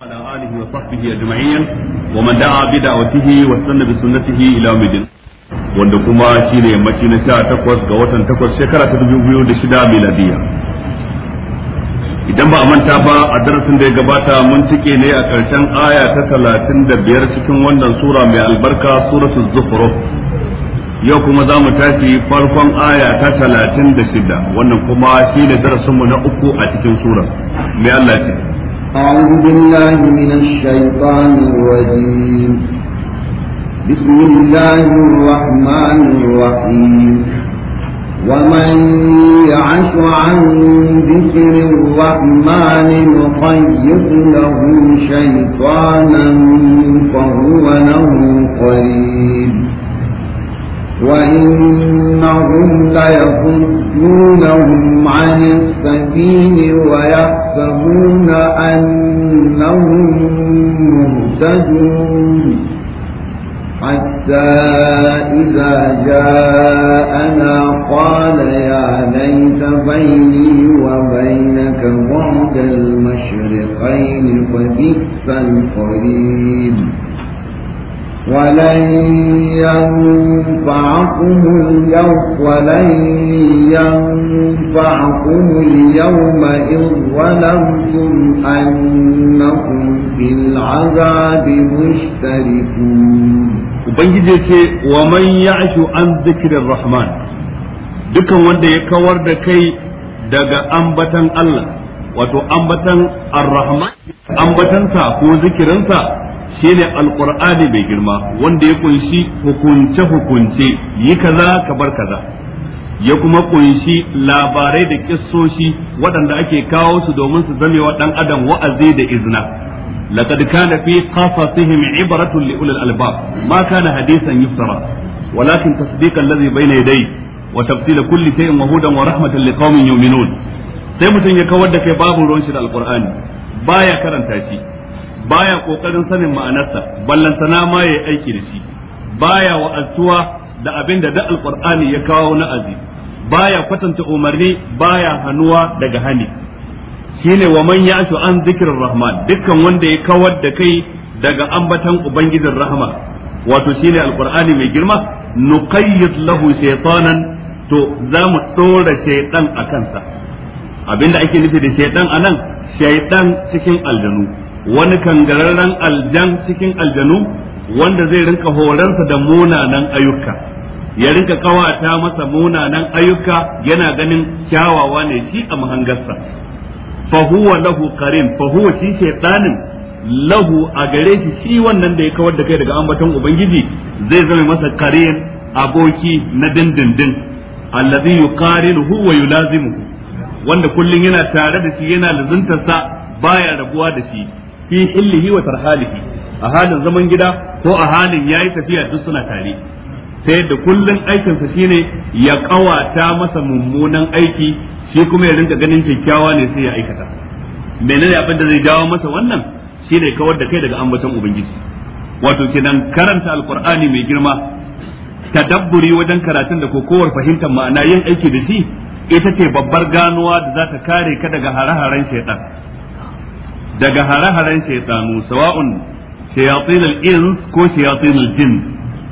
على آله وصحبه أجمعين ومن دعا بدعوته واستنى بسنته إلى يوم الدين wanda kuma shi ne yammaci na sha takwas ga watan takwas shekara ta dubu biyu da shida miladiya idan ba a manta ba a darasin da ya gabata mun cike ne a ƙarshen aya ta talatin da biyar cikin wannan sura mai albarka suratul zufuro. yau kuma za mu tashi farkon aya ta talatin da shida wannan kuma shi ne darasinmu na uku a cikin sura mai Allah ce أعوذ بالله من الشيطان الرجيم بسم الله الرحمن الرحيم ومن يعش عن ذكر الرحمن نقيض له شيطانا فهو له قريب وإنهم ليصدونهم عن السبيل ويحسبون أنهم مهتدون حتى إذا جاءنا قال يا ليت بيني وبينك بعد المشرقين فبئس القريب ولن ينفعكم اليوم ولن ينفعكم اليوم إذ ظلمتم أنكم في العذاب مشتركون Ubangiji ce wa man ya'shu an zikirin Rahman dukan wanda ya kawar da kai daga ambatan Allah wato ambatan Ar-Rahman ambatansa ko zikirinsa shine alqur'ani mai girma wanda ya kunshi hukunce hukunce yi kaza ka bar kaza ya kuma kunshi labarai da kissoshi waɗanda ake kawo su domin su zame wa ɗan adam wa'azi da izna laqad kana fi qasasihim ibratun li ulil albab ma kana hadisan yuftara walakin tasdiqan alladhi bayna yaday wa tafsila kulli shay'in wa hudan wa rahmatan liqaumin yu'minun sai mutum ya kawar da kai babu ruwan shi da alqur'ani baya karanta shi baya kokarin sanin ma'anarsa ballantana ma yayi aiki da shi baya wa'azuwa da abin da da alqur'ani ya kawo na azi baya kwatanta umarni baya hanuwa daga hani shine wa man ya'shu an zikrir rahman dukkan wanda ya kawar da kai daga ambatan ubangijin rahma wato shine alqur'ani mai girma nuqayyid lahu shaytanan to za mu dora shaytan akan sa abinda ake nufi da shaytan anan shaytan cikin aljanu wani kangararren aljan cikin aljanu wanda zai rinka horarsa da munanan ayyuka ya rinka kawata masa munanan ayyuka yana ganin kyawawa ne shi a mahangarsa fa huwa lahu qarin fa shi shaytanin lahu a gare shi shi wannan da ya kawar da kai daga ambaton ubangiji zai zama masa qarin aboki na dindindin alladhi yuqarinuhu wa yulazimuhu wanda kullun yana tare da shi yana lazuntarsa baya rabuwa da shi fi hillihi wa tarhalihi a halin zaman gida ko a halin yayi tafiya duk suna tare Sai kullun kullum aikinsa shine ya kawata masa mummunan aiki shi kuma ya rinka ganin kyakkyawa ne sai ya aikata menene abin da zai dawo masa wannan shine kawar da kai daga ambaton ubangiji wato kenan karanta alqur'ani mai girma tadabburi wajen karatun da kokowar fahimtar ma'ana yin aiki da shi ita ce babbar ganuwa da za ta kare ka daga hare-haren shaitan daga hare-haren shaitanu sawa'un shayatin al'in ko shayatin al'in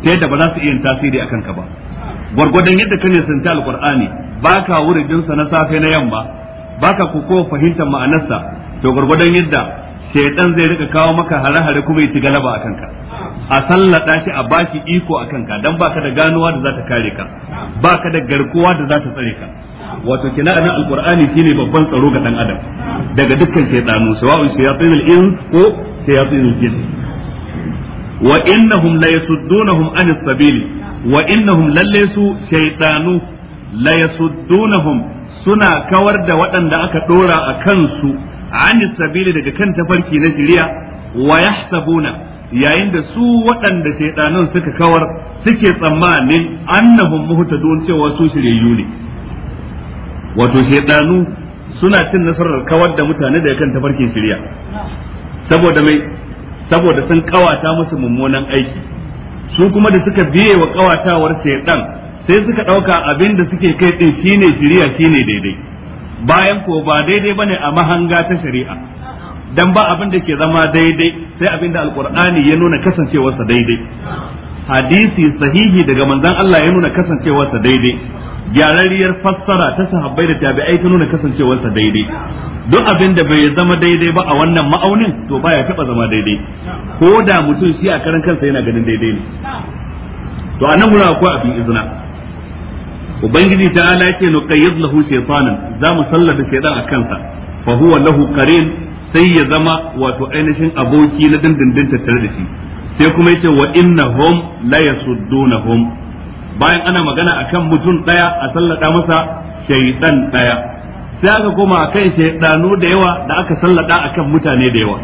ta yadda ba za su iya tasiri a kanka ba gwargwadon yadda ka ne santa alqur'ani baka wuri sa na safe na yamma ba baka kuko fahimtar ma'anarsa to gwargwadon yadda shaitan zai rika kawo maka hare-hare kuma ya ci galaba a kanka a sallata shi a bashi iko a kanka don ba ka da ganuwa da za ta kare ka ba ka da garkuwa da za ta tsare ka wato kina anan alqur'ani shine babban tsaro ga dan adam daga dukkan shaytanu sawa'un shayatinul ins ko shayatinul jin wa innahum la yasuddunahum anis sabili wa innahum lalle su shaytanu la yasuddunahum suna kawar da waɗanda aka dora a kansu anis sabili daga kan tafarki na shari'a wa yahsabuna yayin da su waɗanda shaiɗanun suka kawar suke tsammanin annahum muhtadun cewa su shiryayyu ne wato shedanu suna cin nasarar kawar da mutane ya kan tafarkin shirya saboda mai saboda sun kawata musu mummunan aiki su kuma da suka biye wa kawatawar shaidan sai suka ɗauka abin da suke kai din shine shirya shine daidai bayan ko ba daidai bane a mahanga ta shari'a dan ba abin da ke zama daidai sai abin da alqur'ani ya nuna kasancewarsa daidai hadisi sahihi daga manzon Allah ya nuna kasancewarsa daidai gyarariyar fassara ta sahabbai da tabi'ai ta nuna kasancewarsa daidai duk abin da bai zama daidai ba a wannan ma'aunin to baya taba zama daidai ko da mutum shi a karan kansa yana ganin daidai ne to a nan akwai abin izina ubangiji ta ala yake nuqayyid lahu shaytanan za mu sallata shaytan a kansa fa huwa lahu qarin sai ya zama wato ainihin aboki na dindindin tattare da shi sai kuma yace wa innahum la yasuddunhum bayan ana magana akan mutum daya a sallada masa shaytan daya sai aka koma akan shaydanu da yawa da aka sallada akan mutane da yawa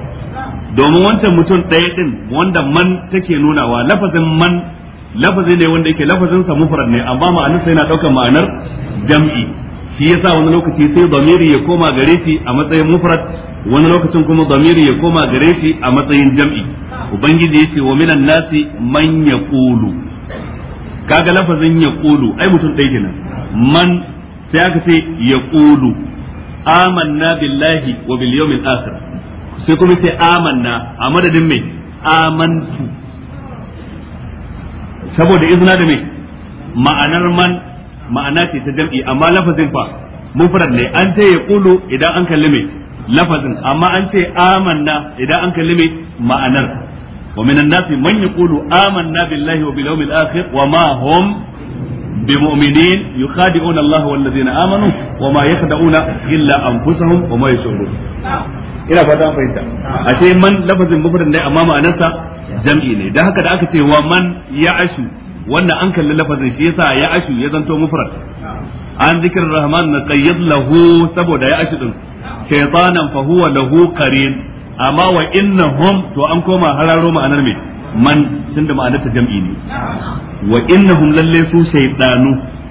domin wancan mutum daya din wanda man take nunawa lafazin man lafazi ne wanda yake lafazin sa mufrad ne amma ma'anarsa yana daukar ma'anar jam'i shi yasa wani lokaci sai damiri ya koma gare shi a matsayin mufrad wani lokacin kuma damiri ya koma gare shi a matsayin jam'i ubangiji yace wa minan nasi man yaqulu kaga lafazin yaqulu ai mutum dai kenan man sai aka ce yaqulu amanna billahi wa bil yawmil akhir sai kuma sai amanna a madadin mai amantu saboda izna da mai ma'anar man ma'ana ce ta jam'i amma lafazin fa mufrad ne an ce ya kulu idan an kalli mai lafazin amma an ce amanna idan an kalli mai ma'anar wa minan nasi man yaqulu amanna billahi wa bil yawmil akhir wa ma hum بمؤمنين يخادعون الله والذين آمنوا وما يخدعون إلا أنفسهم وما يشعرون ina fata fahimta a ce man lafazin mufrad ne amma ma'anarsa jam'i ne dan haka da aka ce wa man ya'ashu wannan an kalli lafazin shi yasa ya ashu ya zanto mufrad an zikir rahman na qayyid lahu saboda ya ashu din shaytanan fa huwa lahu qarin amma wa innahum to an koma hararo ma'anar me man tunda ma'anar ta jam'i ne wa innahum lalle su shaytanu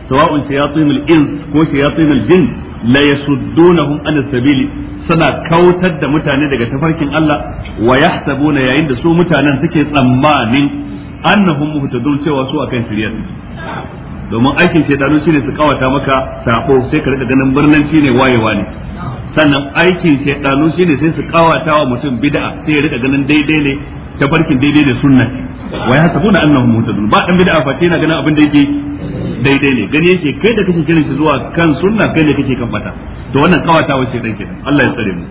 sawa'un shayatinul ins ko shayatinul jin la yasuddunahum an sabili suna kautar da mutane daga tafarkin Allah wa yahsabuna yayin da su mutanen suke tsammanin annahum muhtadun cewa su akan shirya su domin aikin shedanu shine su kawata maka sako sai ka rika ganin birnin shine wayewa ne sannan aikin shedanu shine sai su kawata wa mutum bid'a sai ya rika ganin daidai ne ta barkin daidai da sunna wa ya sabuna annahum muhtadun ba dan bid'a fa na ganin abin da yake daidai ne gani yake kai da kake kiran shi zuwa kan sunna kai ne kake kan fata to wannan kawatawa ce dan kenan Allah ya tsare mu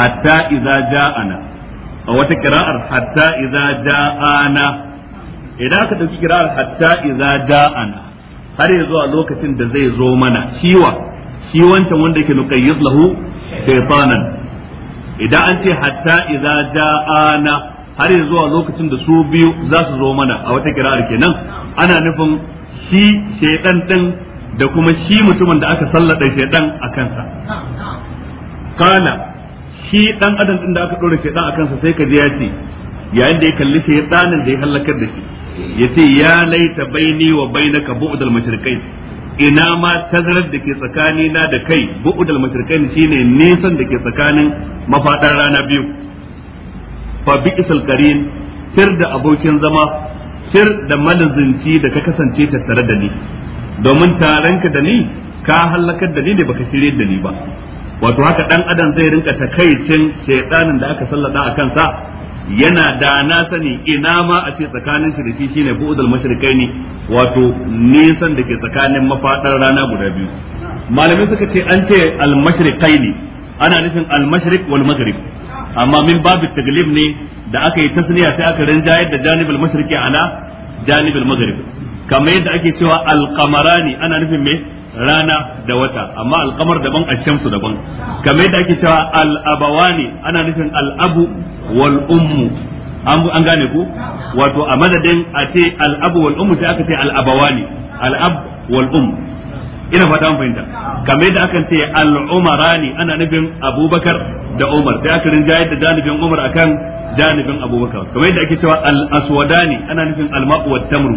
hatta idza ja'ana a wata kira'ar hatta iza da'ana idan aka dauki kira'ar hatta iza da'ana har ya zuwa lokacin da zai zo mana ciwa shi wanda yake nuqayyid lahu shaytanan idan an ce hatta iza da'ana har ya zuwa lokacin da su biyu za su zo mana a wata kira'ar kenan ana nufin shi shaydan din da kuma shi mutumin da aka sallada shaydan a kansa kana shi dan adam din da aka dora dan akan sa sai ka ji ya ce yayin da ya kalli shedanin da ya halakar da shi Ya ce ya laita baini wa bainaka bu'dal mashriqain ina ma tazarar da ke tsakani na da kai bu'dal mashriqain shine nisan da ke tsakanin mafadar rana biyu fa bi'sal qarin sir da abokin zama sir da malazinci da ka kasance tattare da ni domin taranka da ni ka halakar da ni ne baka shirye da ni ba wato haka dan adam zai rinka takaicin shedanin da aka sallada a kansa yana da na sani ina ma a ce tsakanin shi da shi shine bu'udul mashriqaini wato nisan da ke tsakanin mafadar rana guda biyu Malamin suka ce an ce al mashriqaini ana nufin al mashriq wal maghrib amma min babu taglib ne da aka yi tasniya sai aka rinjayar da janibul mashriqi ala janibul maghrib kamar yadda ake cewa al qamarani ana nufin me rana da wata amma alkamar daban ashamsu daban kamar yadda ake cewa al'abawani ana nufin al'abu wal ummu an gane ku wato a madadin a ce al'abu wal ummu sai aka ce al'abawani al'ab wal um ina fata an fahimta kamar yadda aka ce al'umarani ana nufin abubakar da Umar sai aka rinjayar da janibin Umar akan janibin Abubakar kamar yadda ake cewa al-aswadani ana nufin al-ma'u wat tamru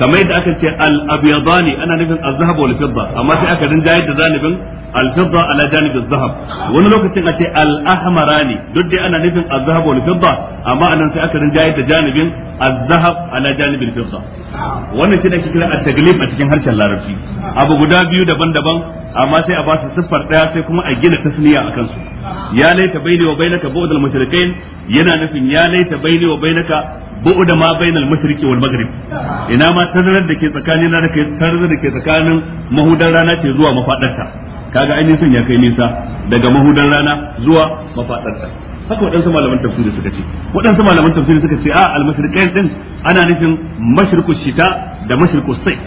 kamar yadda aka ce al-abyadani ana nufin az-zahab wal fidda amma sai aka rinjayar da janibin al-fidda ala janib az-zahab wani lokacin a ce al-ahmarani duk dai ana nufin az-zahab wal fidda amma anan sai aka rinjayar da janibin az-zahab ala janib al-fidda wannan shi ne ake kira at-taglib a cikin harshen larabci abu guda biyu daban-daban amma sai a ba su siffar daya sai kuma a gina tasniya a kansu ya laita baini wa bainaka bu'd al mushrikin yana nufin ya laita baini wa bainaka bu'd ma bain al mushriki wal maghrib ina ma tazarar da ke tsakanin na da ke tazarar da ke tsakanin mahudan rana ce zuwa mafadarta kaga ainihin sun ya kai nisa daga mahudan rana zuwa mafadarta haka waɗansu malaman tafsiri suka ce waɗansu malaman tafsiri suka ce a al mushrikin din ana nufin mashriku shita da mashriku sai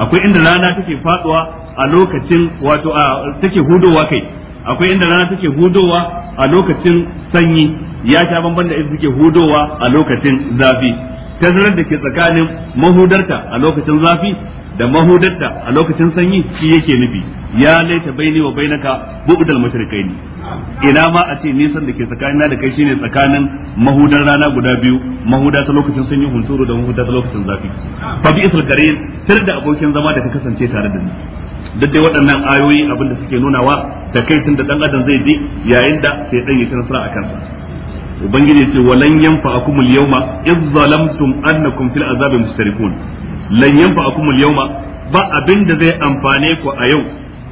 akwai inda rana take faduwa a lokacin wato take hudowa kai akwai inda rana take hudowa a lokacin sanyi ya sha banban da inda take hudowa a lokacin zafi tazarar da ke tsakanin mahudarta a lokacin zafi da mahudatta a lokacin sanyi shi yake nufi ya laita baini wa bainaka bu'dal mushrikaini ina ma a ce nisan da ke tsakanina da kai shine tsakanin mahudan rana guda biyu mahuda ta lokacin sanyi hunturu da mahuda ta lokacin zafi fa bi isal sir da abokin zama da ka kasance tare da ni duk dai waɗannan ayoyi abinda suke nunawa wa da dan adam zai bi yayin da sai dan yi nasara a kansa ubangiji ce walan yanfa'akumul yawma idh zalamtum annakum fil azabi mustarikun lan yanfa akumul yawma ba abin da zai amfane ku a yau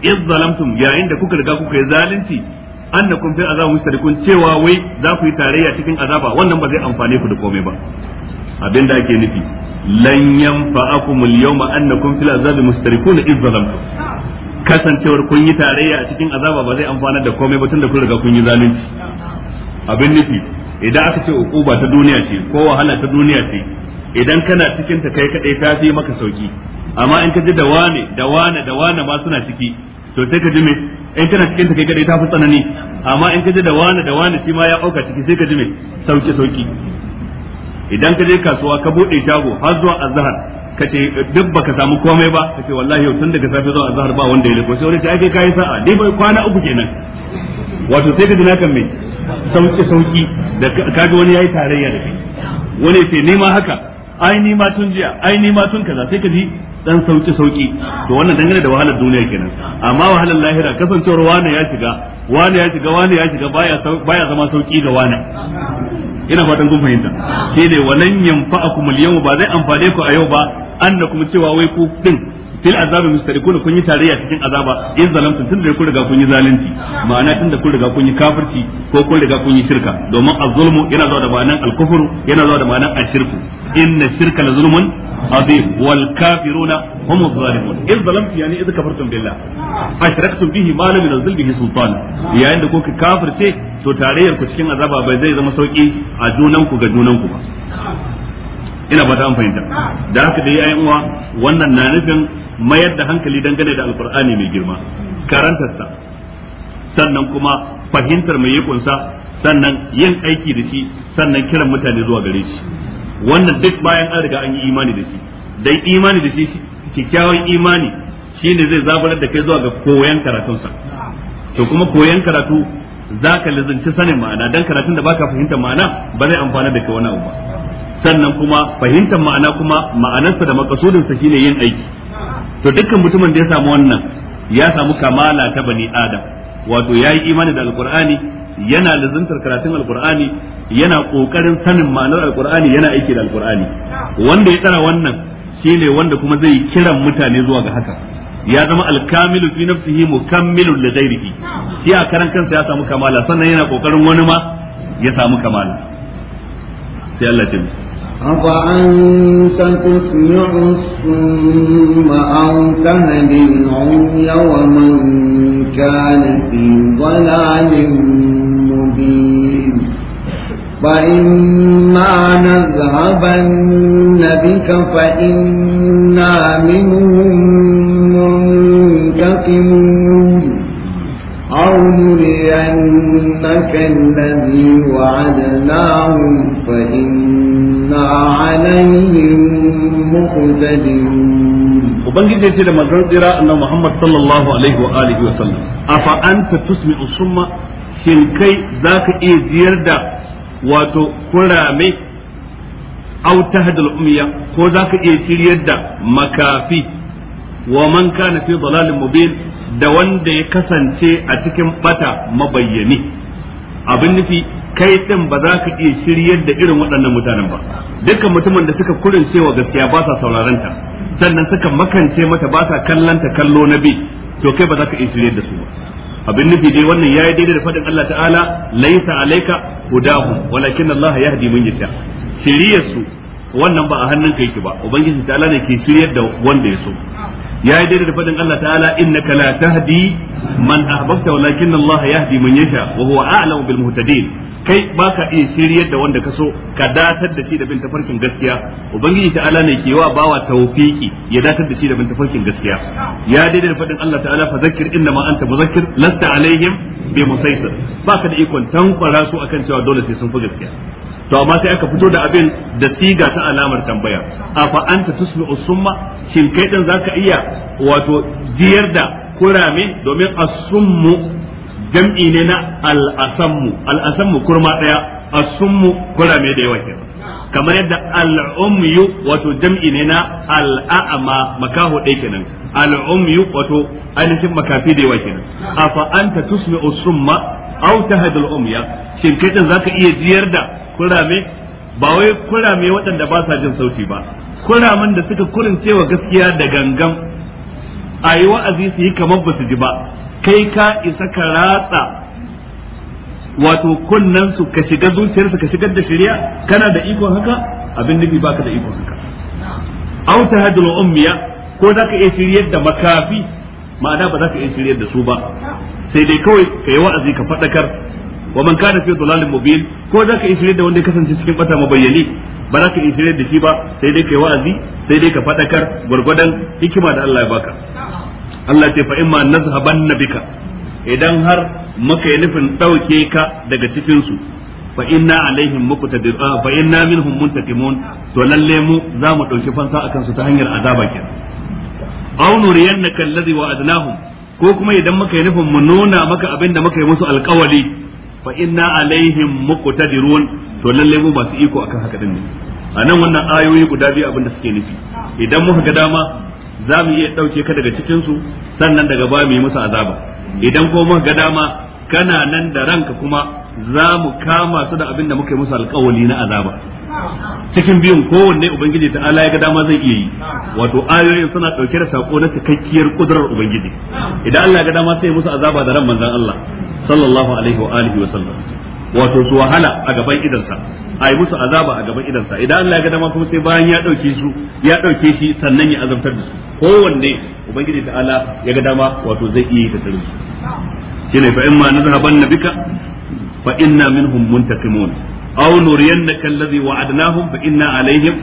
iz zalamtum yayin da kuka riga kuka yi zalunci annakum fi azab mustarikun cewa wai za ku yi tarayya cikin azaba wannan ba zai amfane ku da komai ba abin da ake nufi lan yanfa akumul yawma annakum fi azab mustarikun iz zalamtum kasancewar kun yi tarayya a cikin azaba ba zai amfana da komai ba tunda kun riga kun yi zalunci abin nufi idan aka ce uquba ta duniya ce ko wahala ta duniya ce idan kana cikin ta kai kadai ta fi maka sauki amma in ka ji da wane da wane da wane ma suna ciki to sai ka ji me in kana cikin ta kai kadai ta fi tsanani amma in ka ji da wane da wane shi ma ya auka ciki sai ka ji me sauki sauki idan ka je kasuwa ka bude shago har zuwa azhar ka ce duk baka samu komai ba ka ce wallahi yau tun daga safe zuwa azhar ba wanda ya leko sai wani ce ai kai kai sa'a dai bai kwana uku kenan wato sai ka ji kan me sauki sauki da kaji wani yayi tarayya da kai wani ce nima haka ai ni ma tun jiya ai ni ma tun kaza sai ka ji dan sauki sauki to wannan dangane da wahalar duniya kenan amma wahalar lahira kasancewar wani ya shiga wani ya shiga wani ya shiga baya baya zama sauki ga wani ina fatan kun fahimta sai dai walan yanfa'akum al-yawma ba zai amfane ku a yau ba annakum cewa wai ku din fil azabi mustarikuna kun yi tarayya cikin azaba in zalamtum tunda kun riga kun yi zalunci ma'ana tunda kun riga kun yi kafirci ko kun riga kun yi shirka domin az-zulmu yana zuwa da ma'anan al-kufr yana zuwa da ma'anan ash-shirku inna shirka la zulmun azim wal kafiruna hum az-zalimun in zalamtum yani idza kafartum billah ashraktum bihi ma lam yunzil bihi sultan yayin da kuka kafirce to tarayyar ku cikin azaba bai zai zama sauki a junan ku ga junan ku ba ina ba ta an fahimta da haka dai yayin uwa wannan na nufin mayar da hankali dangane da alkur'ani mai girma karantarsa sannan kuma fahimtar mai yakunsa sannan yin aiki da shi sannan kiran mutane zuwa gare shi wannan duk bayan an riga an yi imani da shi dai imani da shi kikkiawan imani shine zai zabarar da kai zuwa ga koyan karatunsa to kuma koyan karatu za ka lizinci sanin ma'ana dan karatun da baka fahimtar ma'ana ba zai amfana da kai wani abu ba sannan kuma fahimtar ma'ana kuma ma'anarsa da makasudinsa shine yin aiki to dukkan mutumin da ya samu wannan ya samu kamala ta bani adam wato ya yi imani da alkur'ani yana lizantar karatun alkur'ani yana kokarin sanin ma'anar alkur'ani yana aiki da alkur'ani wanda ya tsara wannan shi ne wanda kuma zai kiran mutane zuwa ga haka ya zama alkamilu fi nafsihi mukammilun li ghairihi shi a karan kansa ya samu kamala sannan yana kokarin wani ma ya samu kamala sai Allah ya أفأنت تسمع الصم أو تهدي العمي ومن كان في ضلال مبين فإما نذهبن بك فإنا منهم منتقمون أو نرينك الذي وعدناهم فإنا عليهم مقتدرون ubangiji ce da manzon tsira annabi Muhammad sallallahu alaihi wa alihi wa sallam afa anta tusmi'u summa shin kai zaka iya ziyar da wato kurame aw tahdul umiya ko zaka iya shiryar da makafi wa man kana fi dalalin mubin da wanda ya kasance a cikin bata mabayyani abin nufi kai din ba za ka iya shiryar da irin waɗannan mutanen ba dukkan mutumin da suka kurince wa gaskiya ba sa sauraron ta sannan suka makance mata ba sa kallon ta kallo na bi to kai ba za ka iya shiryar da su ba abin nufi dai wannan yayi daidai da fadin Allah ta'ala laisa alayka hudahum walakin Allah yahdi man yasha shiryar su wannan ba a hannun kai ki ba ubangiji ta'ala ne ke shiryar da wanda ya so ya yi daidai da faɗin Allah ta'ala innaka la tahdi man ahbabta walakin Allah yahdi man yasha wa huwa a'lamu bil muhtadin kai ba ka iya shiryar da wanda ka so ka datar da shi da bin tafarkin gaskiya ubangiji ta'ala ne ke wa bawa tawfiki ya datar da shi da bin tafarkin gaskiya ya daidai da fadin Allah ta'ala fa zakkir inna ma anta muzakkir lasta alaihim bi musaysir ba ka da ikon tankwara su akan cewa dole sai sun fi gaskiya to amma sai aka fito da abin da siga ta alamar tambaya afa anta tusmi'u summa shin kai din zaka iya wato jiyar da kurame domin summu. jam'i ne na al'asammu al'asammu kurma daya asummu kurame da yawa ke kamar yadda al'umyu wato jam'i ne na al'a'ama makaho ɗaya kenan wato ainihin makafi da yawa kenan afa anta tusmi'u summa aw tahdul umya shin kai din zaka iya jiyar da kurame ba wai kurame waɗanda ba sa jin sauti ba kuramen da suka cewa gaskiya da gangan ayi yi wa'azi su yi kamar ba su ji ba kai ka isa ka ratsa wato kunnan su ka shiga su ka shigar da shari'a kana da ikon haka abin nufi baka da ikon haka ta hadul ummiya ko za ka iya shiryar da makafi ma'ana ba za ka iya shiryar da su ba sai dai kawai ka yi wa'azi ka fadakar wa man kana fi dhalalin mubin ko za ka iya shiryar da wanda ya kasance cikin bata mabayyani ba za ka iya shiryar da shi ba sai dai ka yi wa'azi sai dai ka fadakar gwargwadon hikima da Allah ya baka Allah ce fa imma nazhaban bika idan har muka yi nufin dauke ka daga cikin su fa inna alaihim muqtadir ah, fa inna minhum muntakimun to lalle mu za mu dauki fansa akan su ta hanyar azaba kenan aw nuriyannaka alladhi wa'adnahum ko kuma idan muka yi nufin mu nuna maka abin da muka yi musu alkawali fa inna alaihim muqtadirun to lalle mu masu iko akan haka din ne a nan wannan ayoyi guda biyu abin da suke nufi idan muka ga dama za mu iya ɗauke ka daga cikinsu sannan daga ba mu yi musu azaba idan ko muka ga dama kana nan da ranka kuma za mu kama su da abin da muka yi musu alƙawali na azaba cikin biyun kowanne ubangiji ta ala ya ga dama zai iya yi wato ayoyin suna ɗauke da sako na cikakkiyar kudurar ubangiji idan Allah ya ga dama sai musu azaba da ran manzan Allah sallallahu alaihi wa alihi wa sallam wato su wahala a gaban idansa a yi musu azaba a gaban idansa idan Allah ya ga dama kuma sai bayan ya dauke su ya dauke shi sannan ya azabtar da su kowanne ubangiji ta'ala ya ga dama wato zai iya yi da sirri shine fa imma nazhabanna bika fa inna minhum muntaqimun aw nuriyannaka alladhi wa'adnahum fa inna alaihim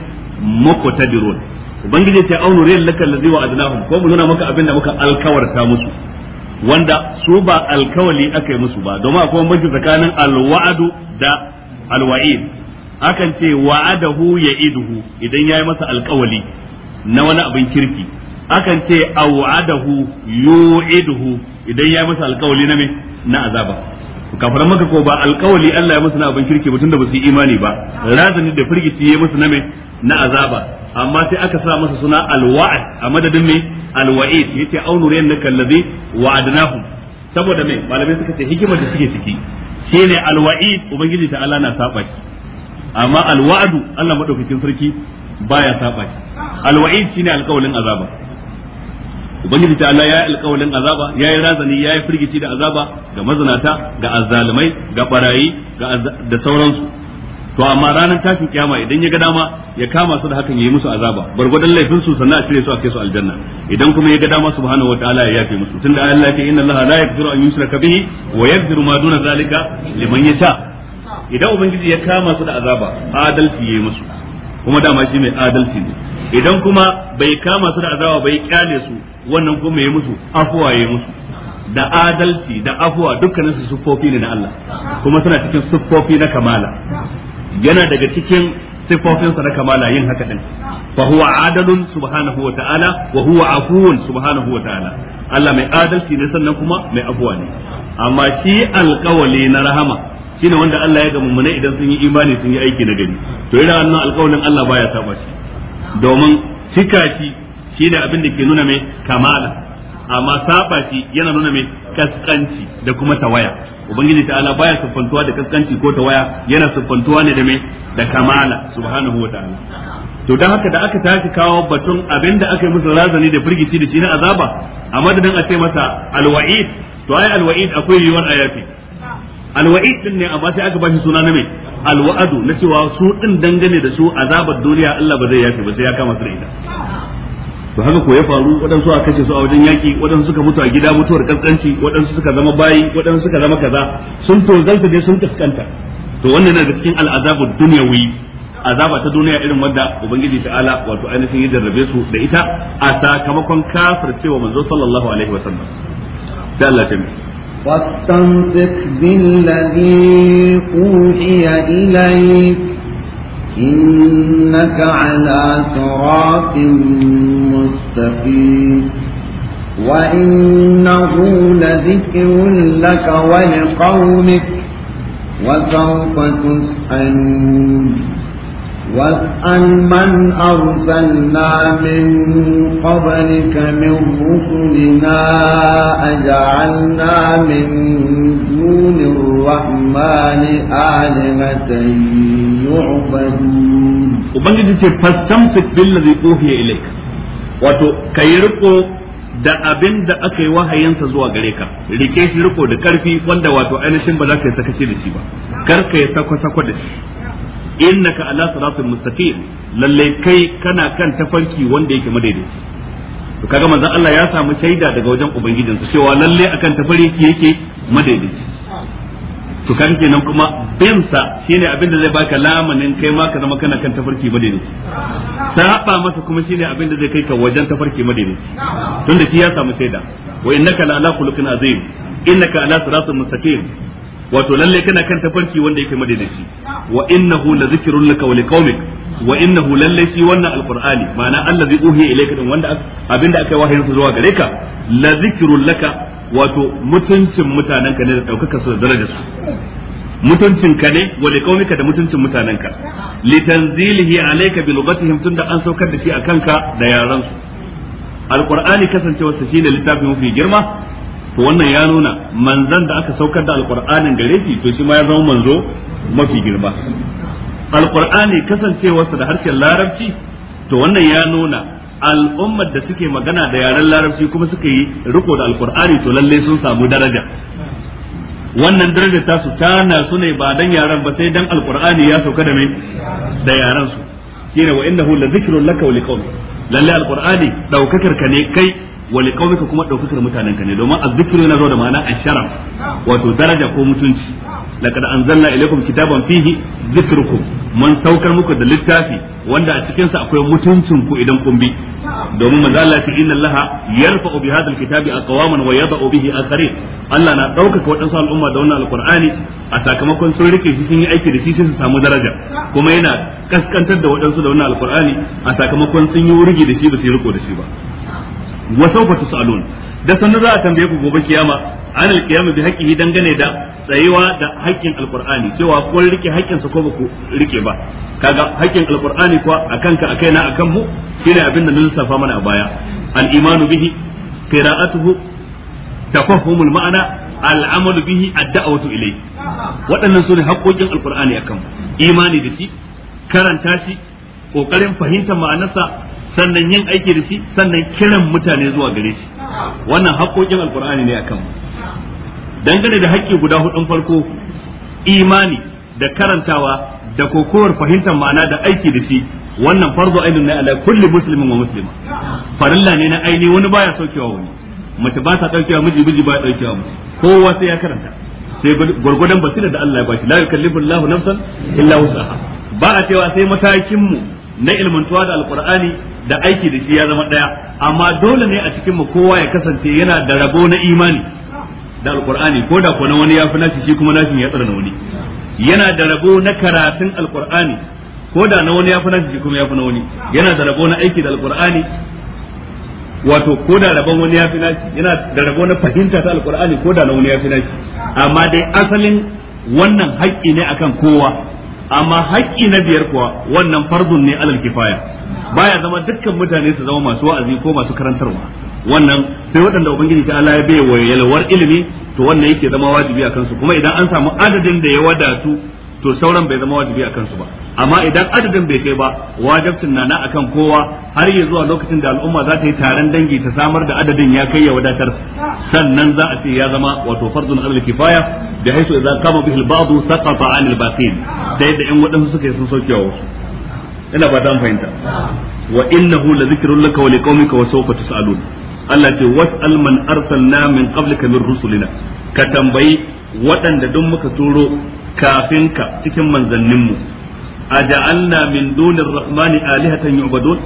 muqtadirun ubangiji ce aw nuriyannaka alladhi wa'adnahum ko mu nuna maka abinda muka alkawarta musu wanda su ba alkawali aka yi musu ba domin akwai mabanci tsakanin alwa'adu da alwa'id akan ce wa'adahu ya iduhu idan yayi masa alkawali na wani abin kirki akan ce awadahu yu'iduhu idan yayi masa alkawali na me na azaba kafaran maka ko ba alkawali Allah ya masa na abin kirki mutum da ba su imani ba razani da firgici ya masa na me na azaba amma sai aka sa masa suna alwa'ad a madadin me alwa'id yace aunure annaka allazi wa'adnahu saboda me malamai suka ce hikimar da suke ciki shine alwa'id ubangiji ta Allah na saba shi amma alwa'adu Allah madaukakin sarki baya saba shi alwa'id shine alƙawalin azaba ubangiji ta Allah yayi alƙawalin azaba yayi razani yayi firgici da azaba ga mazinata ga azzalimai ga barayi ga da sauransu to amma ranar tashin kiyama idan ya ga dama ya kama su da hakan yayi musu azaba bargwadon laifin su sannan a cire su a kai su aljanna idan kuma ya ga dama subhanahu wataala ya yafe musu tunda Allah ya ce inna Allah la yaghfiru an yushraka bihi wa yaghfiru ma duna zalika liman yasha idan ubangiji ya kama su da azaba adalci yayi musu kuma dama shi mai adalci ne idan kuma bai kama su da azaba bai kyale su wannan kuma yayi musu afuwa yayi musu da adalci da afuwa dukkanin su siffofi ne na Allah kuma suna cikin siffofi na kamala yana daga cikin sa na kamala yin haka din fa huwa adalun subhanahu wa ta'ala wa huwa afuwun subhanahu wa ta'ala Allah mai adalci ne sannan kuma mai afuwa ne amma shi alkawali na rahama shine wanda Allah ya ga mummune idan sun yi imani sun yi aiki na gari to yana wannan alƙawarin Allah baya saba shi domin cika shi shine abin da ke nuna mai kamala amma saba shi yana nuna mai kaskanci da kuma tawaya ubangiji ta'ala baya sufantuwa da kaskanci ko tawaya yana sufantuwa ne da mai da kamala subhanahu wa ta'ala to dan haka da aka tashi kawo batun abin da aka yi musu razani da firgici da shi na azaba a madadin a ce masa alwa'id to ai alwa'id akwai yiwuwar ayati alwa'id din ne amma sai aka bashi suna na mai alwa'adu na cewa su din dangane da su azabar duniya Allah ba zai yafe ba sai ya kama su da ita to haka ko ya faru waɗansu a kashe su a wajen yaki waɗansu suka mutu a gida mutuwar kaskanci waɗansu suka zama bayi waɗansu suka zama kaza sun tozalta dai sun kaskanta to wannan daga cikin al'azabu dunyawi azaba ta duniya irin wadda ubangiji ta'ala wato ainihin ya jarrabe su da ita a sakamakon kafircewa manzo sallallahu alaihi wasallam da Allah ta فاستمسك بالذي أوحي إليك إنك على صراط مستقيم وإنه لذكر لك ولقومك وسوف تسألون واسأل من أرسلنا من قبلك من رسلنا أجعلنا من دون الرحمن آلهة يعبدون وبنجد فاستمسك بالذي أوحي إليك wato ka yi da abin da aka yi wahayinsa zuwa gare ka rike shi riko da karfi wanda wato ainihin ba za ka yi sakaci da shi ba kar ka yi sakwa-sakwa da shi innaka ala siratin mustaqim lalle kai kana kan tafarki wanda yake madaidaici to kaga manzon Allah ya samu shaida daga wajen ubangijinsa cewa lalle akan tafarki yake madaidaici to kan kenan kuma bin sa shine abin da zai baka lamanin kai ma ka zama kana kan tafarki madaidaici saba masa kuma shine abin da zai kai ka wajen tafarki madaidaici tunda shi ya samu shaida wa innaka la ala khuluqin azim innaka ala siratin mustaqim wato lalle kana kan tafarki wanda yake madadaci wa innahu la zikrun laka wa liqaumik wa innahu lalle shi wannan alqur'ani ma'ana allazi uhiya ilayka din wanda abinda aka wahayin su zuwa gare ka la zikrun laka wato mutuncin mutanenka ne da daukaka su da darajar su mutuncin ka ne wa liqaumika da mutuncin mutanenka litanzilihi alayka bi lughatihim tunda an saukar da shi akanka da yaran su alqur'ani kasancewarsa shine littafin mafi girma to wannan ya nuna manzan da aka saukar da alkur'anin gare shi to shi ma ya zama manzo mafi girma Alƙur'ani kasancewarsa da harshen larabci to wannan ya nuna al'ummar da suke magana da yaren larabci kuma suka yi riko da alkur'ani to lalle sun samu daraja wannan darajar tasu tana su ne ba dan yaren ba sai dan alkur'ani ya sauka da mai da yaran su shine wa innahu la zikrun laka wa lalle daukakar ka ne kai wa kaunuka kuma daukakar mutanen ka ne domin azzikru yana zo da ma'ana asharaf wato daraja ko mutunci laqad anzalna ilaykum kitaban fihi zikrukum mun saukar muku da littafi wanda a cikin sa akwai mutuncin ku idan kun bi domin manzo Allah ya ce inna Allah yarfa'u bi hadha alkitabi aqwaman wa yada'u bihi akharin Allah na daukaka wadansu al'umma da wannan alqur'ani a sakamakon sun rike shi sun yi aiki da shi sai su samu daraja kuma yana kaskantar da wadansu da wannan alqur'ani a sakamakon sun yi wurgi da shi ba su yi riko da shi ba wa sawfa tusalun da sannu za a tambaye ku gobe kiyama an alkiyama bi haqqihi dangane da tsayuwa da haƙƙin alqur'ani cewa ko rike haƙƙin sa ko ba ku rike ba kaga haƙƙin alqur'ani kuwa akan ka akai na akan mu shine abin da mun safa mana a baya al imanu bihi qira'atuhu tafahumul ma'ana al'amalu bihi ad-da'watu ilayhi waɗannan sune haƙƙoƙin alqur'ani akan imani da shi karanta shi kokarin fahimtar ma'anarsa sannan yin aiki da shi sannan kiran mutane zuwa gare shi wannan haƙoƙin alkur'ani ne akan dangane da haƙƙi guda hudun farko imani da karantawa da kokowar fahimtar ma'ana da aiki da shi wannan farzo ainihin na ala kulli muslimin wa muslima farilla ne na aini wani baya saukewa wani mace ba ta daukewa miji miji ba ya daukewa mace kowa sai ya karanta sai gurgurdan basira da Allah ya bashi la yukallifu Allahu nafsan illa wusaha ba a cewa sai matakin mu na ilmantuwa da alqur'ani da aiki da shi ya zama daya amma dole ne a cikin mu kowa ya kasance yana da rabo na imani da alqur'ani ko da ko na wani ya fi nashi shi kuma nashi ya tsara na wani yana da rabo na karatun alqur'ani ko da na wani ya fi nashi shi kuma ya fi na wani yana da rabo na aiki da alqur'ani wato ko da rabon wani ya fi nashi yana da rabo na fahimta ta alqur'ani ko da na wani ya fi nashi amma dai asalin wannan haƙƙi ne akan kowa amma haƙƙi na biyar kuwa wannan farzun ne alal kifaya baya zama dukkan mutane su zama masu wa'azi ko masu karantarwa wannan sai waɗanda ubangiji ta Allah ya bai wa yalwar ilimi to wannan yake zama wajibi a kansu kuma idan an samu adadin da ya wadatu to sauran bai zama wajibi a kansu ba amma idan adadin bai kai ba wajibcin na na akan kowa har ya zuwa lokacin da al'umma za ta yi taron dangi ta samar da adadin ya kai ya wadatar sannan za a ce ya zama wato farzun alal kifaya da haisu idan kama bihi al-ba'd saqata 'an al-baqin da yadda in wadansu suka yi sun sauke wa wasu ina ba dan fahimta wa innahu la zikrun laka wa liqaumika wa sawfa tusalun Allah ce was'al man arsalna min qablika min rusulina ka tambayi waɗanda duk muka turo kafin ka cikin manzanninmu aja'alna min dunir rahmani alihatan yu'badun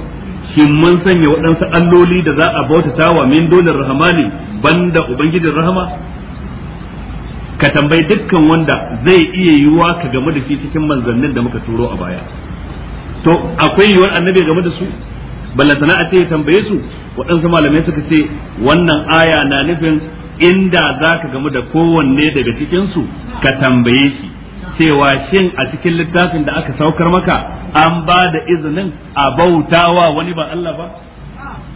shin mun sanya waɗansu alloli da za a bautata wa min dunir rahmani banda ubangijin rahama ka tambayi dukkan wanda zai iya yiwuwa ka game da shi cikin manzannin da muka turo a baya to akwai yiwuwar annabi game da su Balla a ce ya tambaye su waɗansu malamai suka ce wannan aya na nufin inda za ka gamu da kowanne daga cikinsu ka tambaye shi cewa shin a cikin littafin da aka saukar maka an ba da izinin a bautawa wani ba Allah ba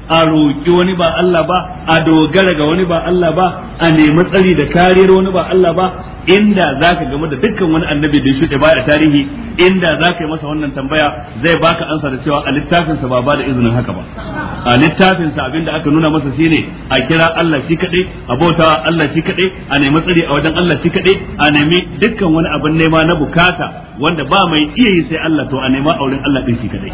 a roƙi wani ba Allah ba a dogara ga wani ba Allah ba a nemi tsari da kariyar wani ba Allah ba inda zaka game da dukkan wani annabi da shi baya tarihi inda zaka yi masa wannan tambaya zai baka ansa da cewa a littafin sa ba ba da izinin haka ba a littafin sa abinda aka nuna masa shine a kira Allah shi kadai a bauta Allah shi kadai a nemi tsari a wajen Allah shi kadai a nemi dukkan wani abin nema na bukata wanda ba mai iya yi sai Allah to a nema auren Allah din shi kadai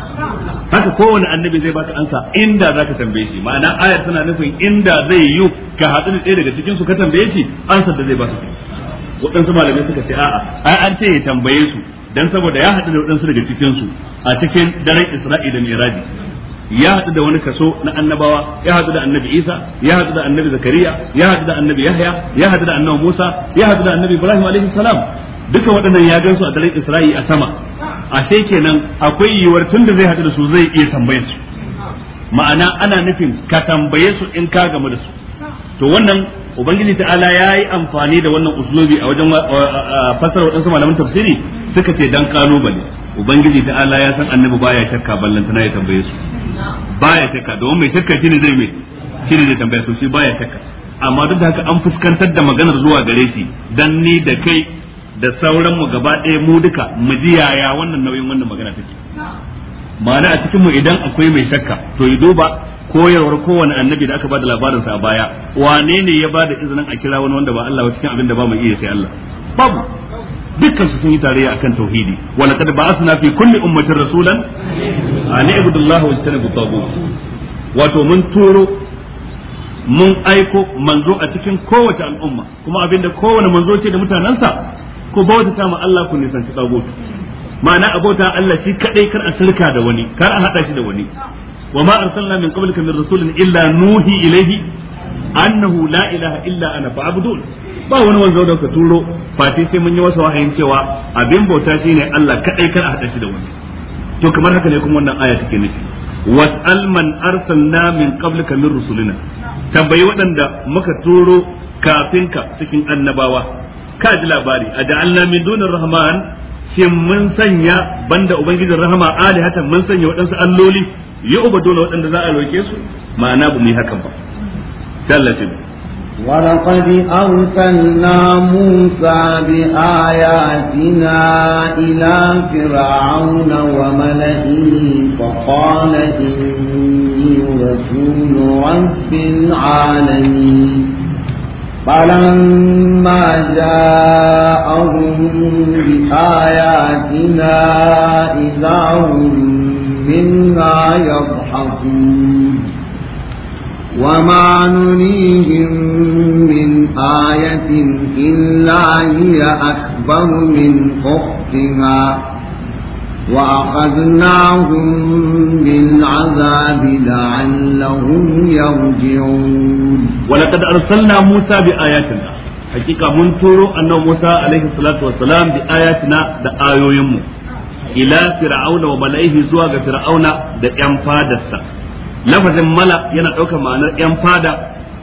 haka kowane annabi zai baka ansa inda ka tambaye shi ma'ana ayar tana nufin inda zai yi ka haɗu da ɗaya daga cikin su ka tambaye shi ansar da zai baka waɗansu malamai suka ce a'a ai an ce ya tambaye su dan saboda ya haɗu da waɗansu daga cikin su a cikin daren Isra'i da Miraji ya haɗu da wani kaso na annabawa ya haɗu da annabi Isa ya haɗu da annabi Zakariya ya haɗu da annabi Yahya ya haɗu da annabi Musa ya haɗu da annabi Ibrahim alaihi salam duka waɗannan ya gansu a daren Isra'i a sama ashe kenan akwai yiwuwar tun da zai haɗu da su zai iya tambaye su ma'ana ana nufin ka tambaye su in ka gamu da su to wannan ubangiji ta'ala ya yi amfani da wannan uslubi a wajen fasara waɗansu malaman tafsiri suka ce dan kalubale ubangiji ta'ala ya san annabi baya shakka tana ya tambaye su baya shakka domin mai shakka shine zai mai shine zai tambaya su shi baya shakka amma duk da haka an fuskantar da maganar zuwa gare shi dan ni da kai da sauran mu gaba ɗaya mu duka mu ji yaya wannan nauyin wannan magana take ma'ana a cikin mu idan akwai mai shakka to yi duba koyarwar kowane annabi da aka bada labarin sa a baya wane ne ya bada izinin a kira wani wanda ba Allah ba cikin abin da ba mu iya sai Allah babu dukkan su sun yi tarayya akan tauhidi wa laqad ba'athna fi kulli ummatin rasulan an ibudu Allah wa istanibu tagut wato mun turo mun aiko manzo a cikin kowace al'umma kuma abinda kowane manzo ce da mutanansa ko bauta ma Allah ku nisan shi tagut ma'ana abota Allah shi kadai kar a sirka da wani kar a hada shi da wani wa ma arsalna min qablika min rasulin illa nuhi ilaihi annahu la ilaha illa ana fa'budun ba wani wanzo da ka turo fati sai mun yi masa wahayin cewa abin bauta shine Allah kadai kar a hada shi da wani to kamar haka ne kuma wannan aya take nufi was'al man arsalna min qablika min rusulina tambayi waɗanda muka turo kafin ka cikin annabawa ka ji labari a ja'alna min dunir rahman shin mun sanya banda ubangijin rahama alihatan mun sanya waɗansu alloli ya ubado na waɗanda za a roke su ma'ana ba mu yi hakan ba tallafi ولقد أرسلنا موسى بآياتنا إلى فرعون وملئه فقال إني رسول رب العالمين فلما جاءهم بآياتنا إذا هم منا يضحكون وما نريهم من آية إلا هي أكبر من أختها وأخذناهم بالعذاب لعلهم يرجعون ولقد أرسلنا موسى بآياتنا حقيقة من تورو أن موسى عليه الصلاة والسلام بآياتنا دعايو يمو ila fir'auna wa mala'ihi zuwa ga fir'auna da yan fadarsa lafazin mala yana daukar ma'anar yan fada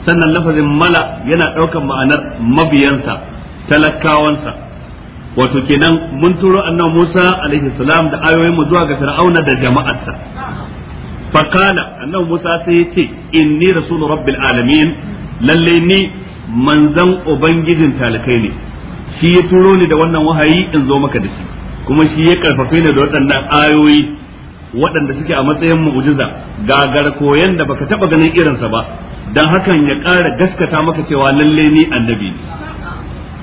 sannan lafazin mala yana daukar ma'anar mabiyansa talakawansa wato kenan mun turo annabi Musa alaihi salam da ayoyin mu zuwa ga fir'auna da jama'arsa fakala annabi Musa sai yace inni rasul rabbil alamin lalle ni manzan ubangijin talakai ne shi ya turo ni da wannan wahayi in zo maka da shi kuma shi ya karfafe ne da waɗannan ayoyi waɗanda suke a matsayin mu'jiza gagar koyan da baka taba ganin irinsa ba dan hakan ya ƙara gaskata maka cewa lalle ni annabi ne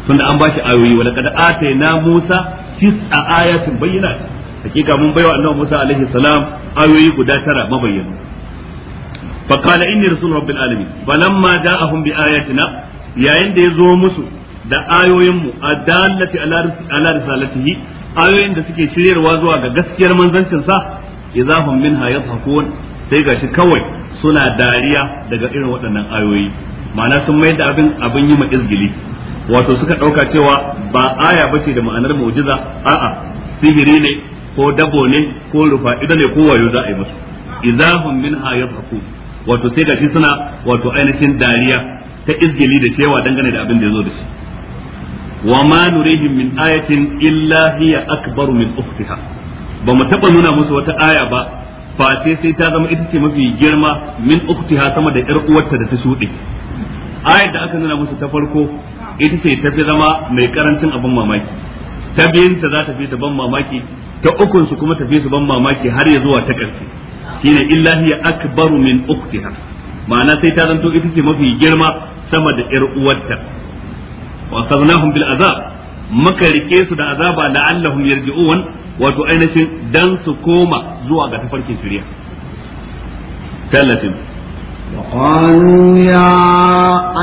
tunda an ba shi ayoyi wa laqad atayna Musa a ayatin bayyinat hakika mun baiwa annabi Musa alaihi salam ayoyi guda tara mabayyana فقال إني رسول رب العالمين فلما جاءهم بآياتنا يا عند يزو مسو da ayoyinmu a dalati ala risalatihi ayoyin da suke shiryarwa zuwa ga gaskiyar manzancin sa hum minha yadhhakun sai gashi kawai suna dariya daga irin waɗannan ayoyi ma'ana sun mai da abin abin yi ma izgili wato suka ɗauka cewa ba aya bace da ma'anar mu'jiza a'a sihiri ne ko dabo ne ko rufa ido ne ko wayo za a yi musu hum minha yadhhakun wato sai gashi suna wato ainihin dariya ta izgili da cewa dangane da abin da yazo zo da shi wa ma nurihim min ayatin illa hiya akbaru min ukhtiha ba mu taba nuna musu wata aya ba face sai ta zama ita ce mafi girma min ukhtiha sama da yar uwarta da ta shuɗe ayar da aka nuna musu ta farko ita ce ta fi zama mai karancin abin mamaki ta biyunta za ta fi ta ban mamaki ta ukun su kuma ta fi su ban mamaki har ya zuwa ta ƙarshe shine illa hiya akbaru min ukhtiha ma'ana sai ta zanto ita ce mafi girma sama da yar uwarta wa akhadnahum bil azab muka riƙe su da azaba la'allahum yarji'un wato ainihin dan su koma zuwa ga tafarkin shari'a sallatin وقالوا يا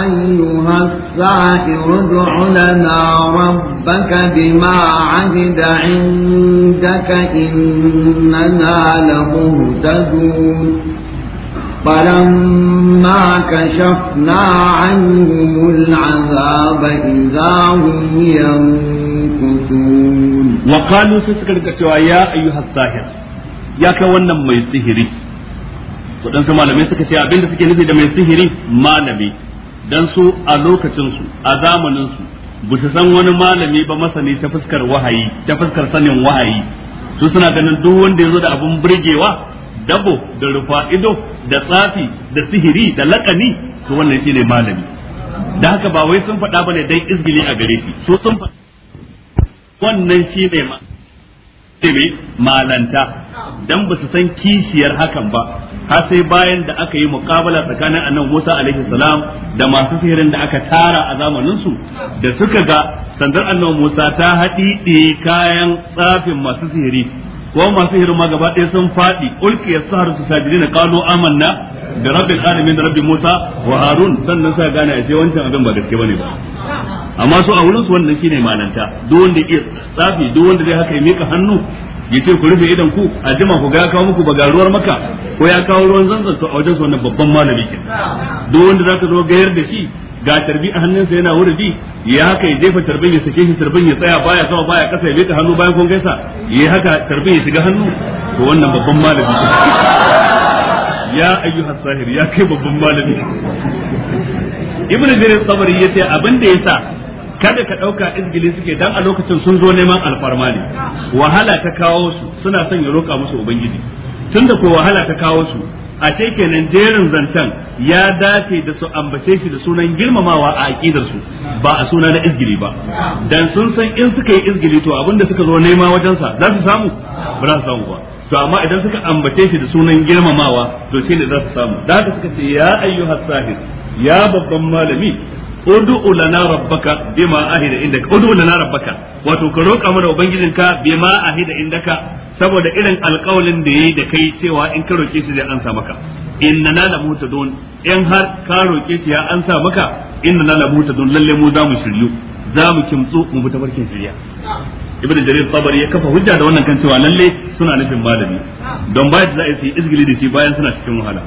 أيها الساحر ادع لنا ربك بما عهد عندك إننا لمهتدون فلما كشفنا عنهم العذاب إذا هم ينكثون وقالوا سسكرك يا أيها الساحر يا كوانا ما يستهري waɗansu malamai suka ce abinda suke nufi da mai sihiri malami dan su a lokacinsu a zamaninsu ba su san wani malami ba masani ta fuskar wahayi ta fuskar sanin wahayi su suna ganin duk wanda ya zo da abun burgewa dabo da rufa ido da tsafi da sihiri da lakani to wannan shine malami da haka ba wai sun faɗa ba ne dan izgili a gare shi so sun faɗa wannan shi ne ma mai malanta dan ba su san kishiyar hakan ba har sai bayan da aka yi muƙabala tsakanin annabi Musa alaihi salam da masu sihirin da aka tara a zamaninsu. da suka ga sandar annabi Musa ta haɗiɗe kayan tsafin masu sihiri ko masu hirma gaba ɗaya sun faɗi ulki ya sahar su sajidina qalu amanna da rabbil alamin da rabin Musa wa Harun sannan sa gane a ce wancan abin ba gaske bane ba amma su a wurin su wannan shine mananta duk wanda ya tsafi duk wanda zai haka ya mika hannu ya ce ku rufe idan ku a jima ku ga kawo muku bagaruwar maka ko ya kawo ruwan zanzan to a wajen su wannan babban malami ke duk wanda zaka zo gayar da shi ga tarbi a hannunsa yana wurdi ya haka ya jefa tarbin ya sake shi tarbin ya tsaya baya sama baya kasa ya leka hannu bayan kun gaisa ya haka tarbin ya shiga hannu to wannan babban malami ya ayyuhas sahir ya kai babban malami ibnu jarir sabari yace abin da yasa kada ka ɗauka izgili suke dan a lokacin sun zo neman alfarma ne wahala ta kawo su suna son ya roƙa musu ubangiji tunda ko wahala ta kawo su a ce kenan jerin zancen ya dace da su ambace shi da sunan girmamawa a aqidar su ba a suna na izgili ba dan sun san in suka yi izgili to abin da suka zo nema wajen sa za su samu ba za su samu ba to amma idan suka ambace shi da sunan girmamawa to shi ne za su samu da haka suka ce ya ayyuha sahir ya babban malami ud'u lana rabbaka bima ahida indaka ud'u lana rabbaka wato ka roƙa mana ubangijinka bima ahida indaka saboda irin alkawalin da yayi da kai cewa in ka roke shi zai ansa maka inna na lamuta don in har ka roke shi ya ansa maka inna na lamuta don lalle mu za mu shiryu za mu kimtsu mu bi tabarkin shirya ibn jarir tabari ya kafa hujja da wannan kan cewa lalle suna nufin malami don ba za a yi izgili da shi bayan suna cikin wahala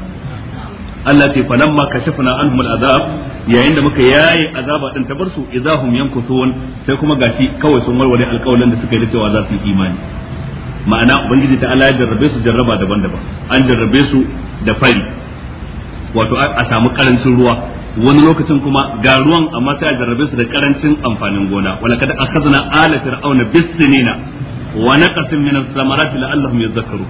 Allah ce falamma kashafna anhum al'azab yayin da muka yaye azaba din ta bar su idahum yankusun sai kuma gashi kawai sun warware alƙawalin da suka yi da cewa za su yi imani ma'ana ubangiji ta Allah ya jarrabe su jarraba daban-daban an jarrabe su da fari wato a samu karancin ruwa wani lokacin kuma ga ruwan amma sai a jarrabe su da karancin amfanin gona wala kada akhadna ala fir'auna bisinina wa naqasin min as-samarati la'allahum yadhakkarun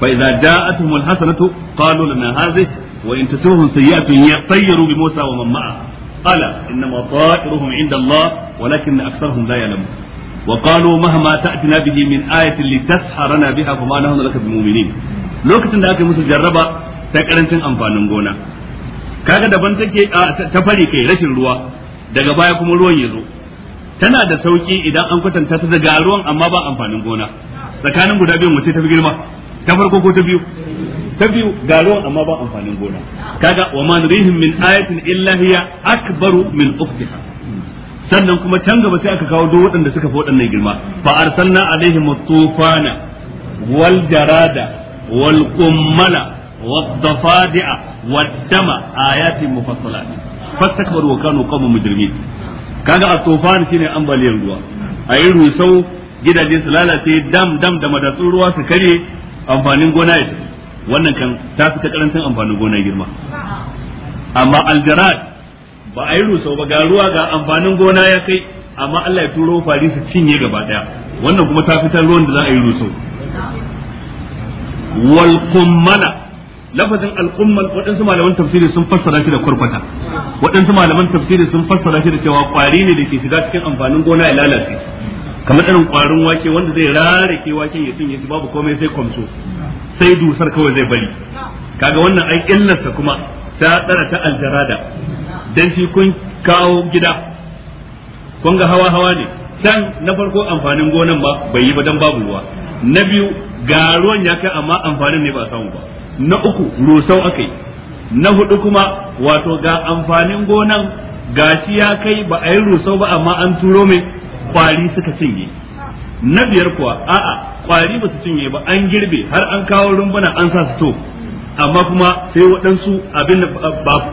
fa idza ja'atuhum al-hasanatu qalu lana hadhihi wa in tasuhum sayyi'atun yatayyaru bi Musa wa man ma'a ala inma ta'iruhum 'inda Allah walakin aktharuhum la ya'lamun وقالوا مهما تأتنا به من آية لتسحرنا بها فما نحن لك بمؤمنين lokacin da aka musu jarraba ta karancin amfanin gona kaga daban take ta fari kai rashin ruwa daga baya kuma ruwan ya tana da sauki idan an kwatanta ta daga ruwan amma ba amfanin gona tsakanin guda biyun wace ta fi girma ta farko ko ta biyu ta biyu ga ruwan amma ba amfanin gona kaga wa man rihim min ayatin illa hiya akbaru min ukhtiha sannan kuma can gaba sai aka kawo duk waɗanda suka fi waɗannan girma fa arsalna alaihim mutufana wal jarada wal qummala wad dafadi'a wad dama ayatin mufassalat fastakbaru wa kanu qawmun mujrimin kaga at-tufan shine ambaliyar ruwa ayi rusau gidaje su lalace dam dam da madatsun ruwa su kare amfanin gona ya wannan kan ta fi ta karancin amfanin gona girma amma aljarad ba a yi rusau ba ga ruwa ga amfanin gona ya kai amma Allah ya turo fari su cinye gaba daya wannan kuma ta fitar ruwan da za a yi rusau wal kummala lafazin al kummal waɗansu malaman tafsiri sun fassara shi da kurfata waɗansu malaman tafsiri sun fassara shi da cewa kwari ne da ke shiga cikin amfanin gona ya lalace kamar irin kwarin wake wanda zai rarake waken ya cinye shi babu komai sai kwamso sai dusar kawai zai bari kaga wannan ai illarsa kuma ta tsara ta aljarada dan shi kun kawo gida kun ga hawa hawa ne dan na farko amfanin gonan ba bai yi ba dan babu ruwa na biyu ga ruwan ya kai amma amfanin ne ba samu ba na uku rusau akai na hudu kuma wato ga amfanin gonan shi ya kai ba a yi rusau ba amma an turo mai kwari suka cinye na biyar kuwa a'a kwari ba su cinye ba an girbe har an kawo rumbuna an sa su to amma kuma sai waɗansu abin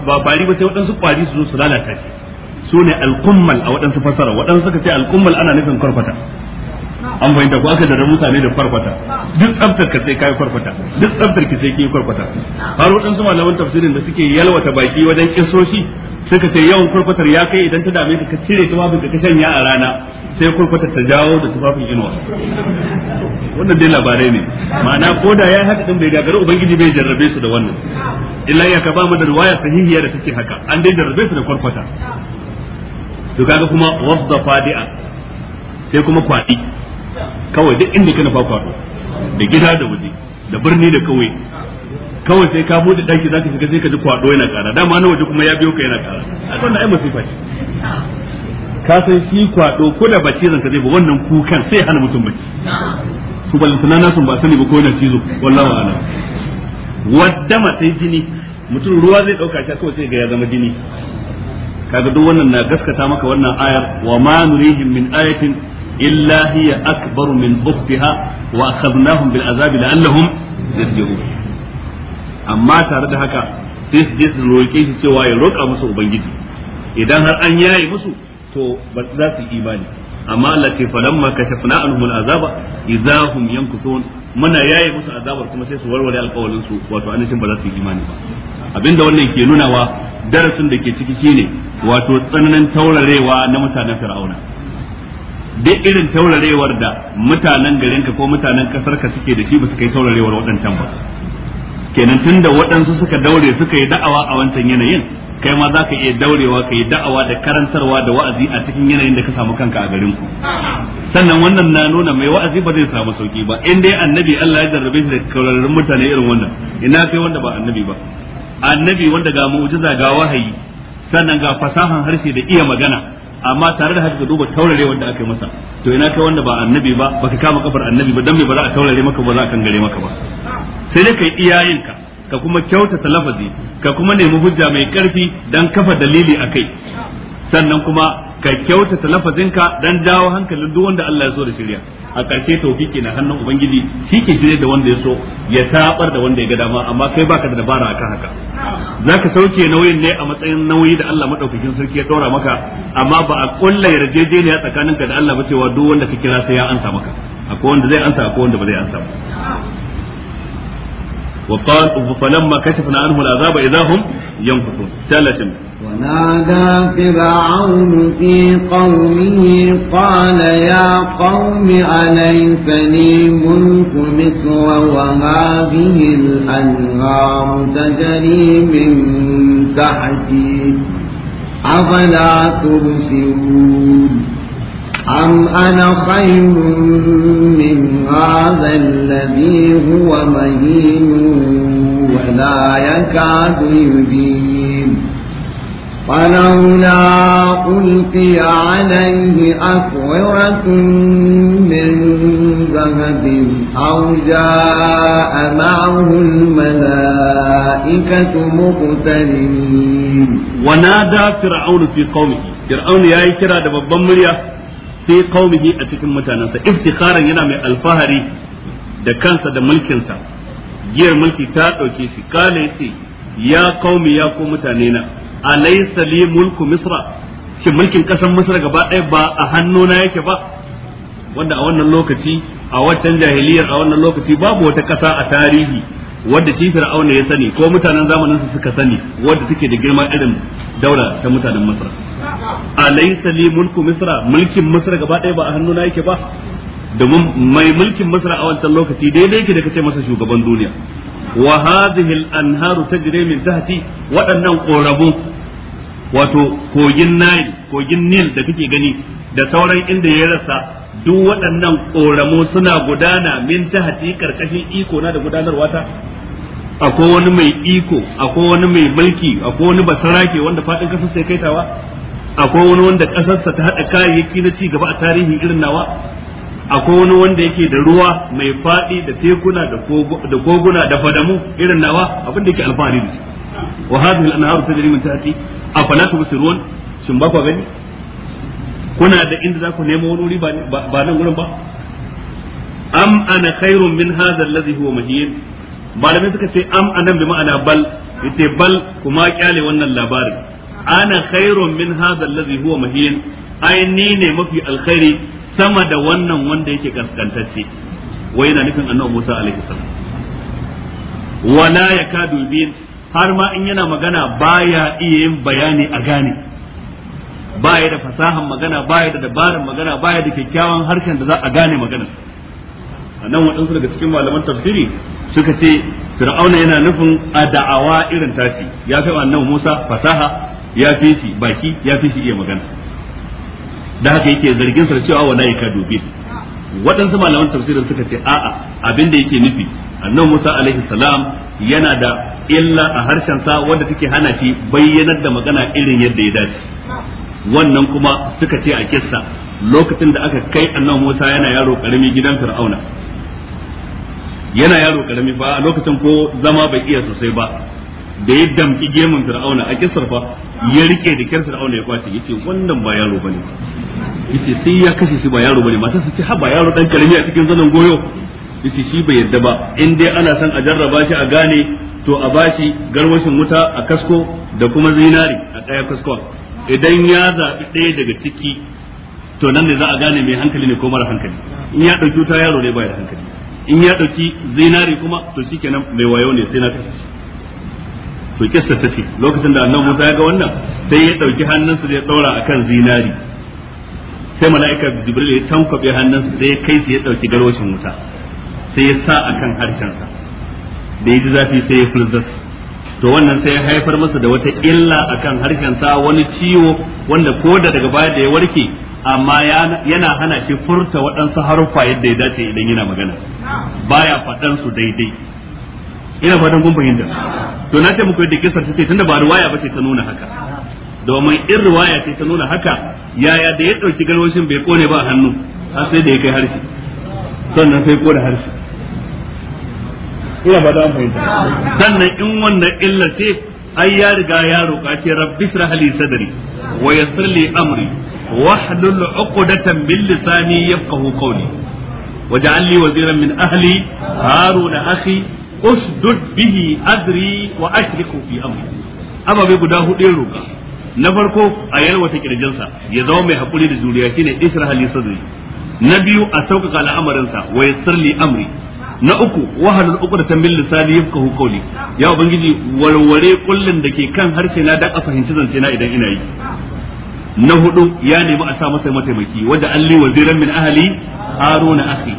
ba bari ba sai waɗansu kwari su zo su lalata shi su ne alkummal a waɗansu fasara waɗansu suka ce alkummal ana nufin kwarfata an fahimta ko aka dare mutane da kwarfata duk tsaftar ka sai kai kwarfata duk tsaftar ki sai kai kwarfata har waɗansu malaman tafsirin da suke yalwata baki wajen kisoshi suka ce yawan kurkutar ya kai idan ta dame ka ka cire tufafin ka ka ya a rana sai kurkutar ta jawo da tufafin inuwa wannan dai labarai ne ma'ana ko da ya haka din bai gagara ubangiji bai jarrabe su da wannan illa ya ka ba mu da riwaya sahihiya da take haka an dai jarrabe su da kurkuta to kaga kuma wafda fadi'a sai kuma kwaɗi kawai duk inda kana fa kwado da gida da waje da birni da kauye kawai sai ka bude daki zaka shiga sai ka ji kwado yana kara dama na waje kuma ya biyo ka yana kara a wannan ai masifa ce ka san shi kwado ko da bace zan ka zai ba wannan kukan sai hana mutum bace to balantana na sun ba sani ba ko yana cizo wallahi ala waddama sai jini mutum ruwa zai dauka shi kawai sai ga ya zama jini kaga duk wannan na gaskata maka wannan ayar wa ma nurihim min ayatin illa hiya akbaru min ukhtiha wa akhadnahum bil azabi la'allahum yarji'un amma tare da haka sai su je su roƙe shi cewa ya roƙa musu ubangiji idan har an yaye musu to ba za su yi imani amma Allah ce falamma kashafna anhumul azaba idahum yankutun muna yaye musu azabar kuma sai su warware alƙawarin su wato annashin ba za su yi imani ba abinda wannan ke nunawa darasin da ke ciki shine wato tsananin taurarewa na mutanen fir'auna duk irin taurarewar da mutanen garinka ko mutanen kasarka suke da shi ba su kai taurarewar waɗancan ba kenan da waɗansu suka daure suka yi da'awa a wancan yanayin kai ma za ka iya daurewa ka yi da'awa da karantarwa da wa'azi a cikin yanayin da ka samu kanka a garin ku sannan wannan na nuna mai wa'azi ba zai samu sauki ba in dai annabi Allah ya jarrabe shi da kaurarin mutane irin wannan ina kai wanda ba annabi ba annabi wanda ga mu'jiza ga wahayi sannan ga fasahan harshe da iya magana amma tare da haka ka duba taurare wanda aka yi masa to ina kai wanda ba annabi ba baka kama kafar annabi ba dan me ba za a taurare maka ba za a kangare maka ba sai dai kai iyayenka ka kuma kyautata lafazi ka kuma nemi hujja mai karfi dan kafa dalili a kai sannan kuma ka kyautata lafazinka dan dawo hankalin duk wanda Allah ya so da shirya a karshe tawfiki na hannun ubangiji shi ke jire da wanda ya so ya sabar da wanda ya ga dama amma kai baka da dabara akan haka zaka sauke nauyin ne a matsayin nauyi da Allah madaukakin sarki ya daura maka amma ba a kulla yarjejeniya tsakaninka da Allah ba cewa duk wanda ka kira sai ya ansa maka akwai wanda zai ansa akwai wanda ba zai ansa ba وقال فلما كشفنا عنه العذاب إذا هم ينفثون ثالثا ونادى فرعون في قومه قال يا قوم أليس لي ملك مصر وهذه الأنهار تجري من تحتي أفلا تبصرون أم أنا خير من هذا الذي هو مهين ولا يكاد يبين فلولا ألقي عليه أسورة من ذهب أو جاء معه الملائكة مقترنين ونادى فرعون في قومه فرعون يا إكرا دبب مريم Sai qaumihi a cikin mutanansa iftikharan yana mai alfahari da kansa da mulkinsa giyar mulki ta dauke shi kale yace ya qaumi ya ku mutane na alaysa li mulku misra shi mulkin kasar misra gaba ɗaya ba a hannuna yake ba wanda a wannan lokaci a wancan jahiliyar a wannan lokaci babu wata kasa a tarihi wadda shi fir'auna ya sani ko mutanen zamanin su suka sani wadda take da girma irin daura ta mutanen misra alaysa li mulku misra mulkin misra gaba ɗaya ba a hannuna yake ba domin mai mulkin misra a wancan lokaci dai-dai yake da kace masa shugaban duniya wa hadhihi al-anharu tajri min tahti waɗannan korabu wato kogin nile kogin nil da kake gani da sauran inda ya rasa duk waɗannan koramu suna gudana min tahti karkashin iko na da gudanarwa ta akwai wani mai iko akwai wani mai mulki akwai wani basarake wanda fadin kasa sai kaitawa akwai wani wanda ƙasarsa ta haɗa kayayyaki na ci gaba a tarihin irin nawa akwai wani wanda yake da ruwa mai faɗi da tekuna da koguna da fadamu irin nawa abin da yake alfahari da wa hadhihi al-anharu tajri min tahti afala tubsirun shin ba ku gani kuna da inda za ku nemo wani wuri ba nan gurin ba am ana khairun min hadha alladhi huwa mahin malamin suka ce am anan bi ma'ana bal yace bal kuma kyale wannan labarin ana khairun min hadha alladhi huwa mahin ai ni ne mafi alkhairi sama da wannan wanda yake gaskantacce wai yana nufin annabi Musa alaihi salam wala yakadu bin har ma in yana magana baya iya yin bayani a gane baya da fasahan magana baya da dabarar magana baya da kyakkyawan harshen da za a gane magana nan waɗansu daga cikin malaman tafsiri suka ce fir'auna yana nufin a da'awa irin tashi ya fi annabi Musa fasaha ya fi shi baki ya fi shi iya magana da haka yake zargin sa cewa wani yakadu bi waɗansu malaman tafsirin suka ce a'a abin da yake nufi annabi Musa alaihi salam yana da illa a harshen sa wanda take hana shi bayyanar da magana irin yadda ya dace wannan kuma suka ce a kissa lokacin da aka kai annabi Musa yana yaro karami gidan Fir'auna yana yaro karami ba a lokacin ko zama bai iya sosai ba da ya damki gemun fir'auna a kisar fa ya rike da kyar fir'auna ya kwace yace wannan ba yaro bane yace sai ya kashe shi ba yaro bane matar su ce ha ba yaro dan karami a cikin zanen goyo yace shi bai yadda ba in dai ana son a jarraba shi a gane to a bashi garwashin wuta a kasko da kuma zinari a ɗaya kasko idan ya zaɓi ɗaya daga ciki to nan ne za a gane mai hankali ne ko mara hankali in ya ɗauki wuta yaro ne baya da hankali in ya ɗauki zinari kuma to shikenan mai wayo ne sai na kashe shi to kissa tace lokacin da annabi Musa ya ga wannan sai ya dauki hannunsa da ya daura akan zinari sai mala'ika Jibril ya tankwabe hannunsa sai ya kai su ya dauki garwashin wuta sai ya sa akan harshensa da ya ji zafi sai ya fulzas to wannan sai ya haifar masa da wata illa akan harshensa wani ciwo wanda ko da daga baya da ya warke amma yana hana shi furta waɗansu haruffa yadda ya dace idan yana magana baya su daidai ina fatan kun fahimta to na ce muku yadda kisar ta ce tunda ba ruwaya ba ce ta nuna haka domin in ruwaya ce ta nuna haka yaya da ya dauki garwashin bai kone ba hannu har sai da ya kai harshe sannan sai kone harshe ina fatan fahimta sannan in wannan illa ce ai ya riga ya roƙa ce rabbi shrah li sadri wa yassir li amri wahlul 'uqdatan min lisani yafqahu qawli waj'al li waziran min ahli haruna akhi usdud bihi adri wa ashriku fi amri bai guda hudu roka na farko a yalwata kirjinsa ya zama mai hakuri da juriya shine isra hali sadri na biyu a sauƙaƙa al'amarinsa wa yassirli amri na uku wahalul uku da tambil lisani yafkahu qawli ya ubangiji warware kullun da ke kan harshe na da a fahimci zance na idan ina yi na hudu ya nemi a sa masa mataimaki wajen alli waziran min ahali haruna akhi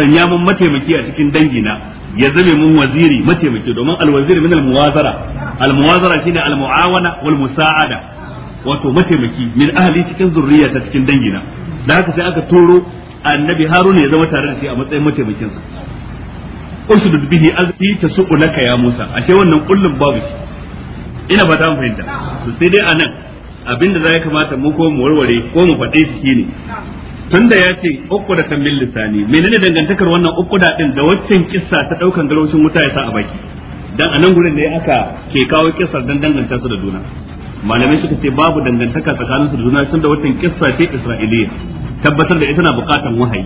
sanya mun mataimaki a cikin dangina ya zame mun waziri mataimaki domin alwaziri min almuwazara almuwazara shine almuawana wal musaada wato mataimaki min ahli cikin zurriya ta cikin dangina da haka sai aka toro annabi haruna ya zama tare da shi a matsayin mataimakin sa usdud bihi ta su laka ya musa ashe wannan kullun babu shi ina ba ta fahimta to sai dai anan abinda za ya kamata mu ko mu warware ko mu faɗe shi ne tunda ya ce uku da tambin lisani menene dangantakar wannan uku da din da waccan kissa ta daukan garwashin wuta ya sa a baki dan anan gurin ne aka ke kawo kissar dan danganta su da juna malamai suka ce babu dangantaka tsakanin su da juna tunda waccan kissa ce isra'iliya tabbatar da ita na bukatan wahayi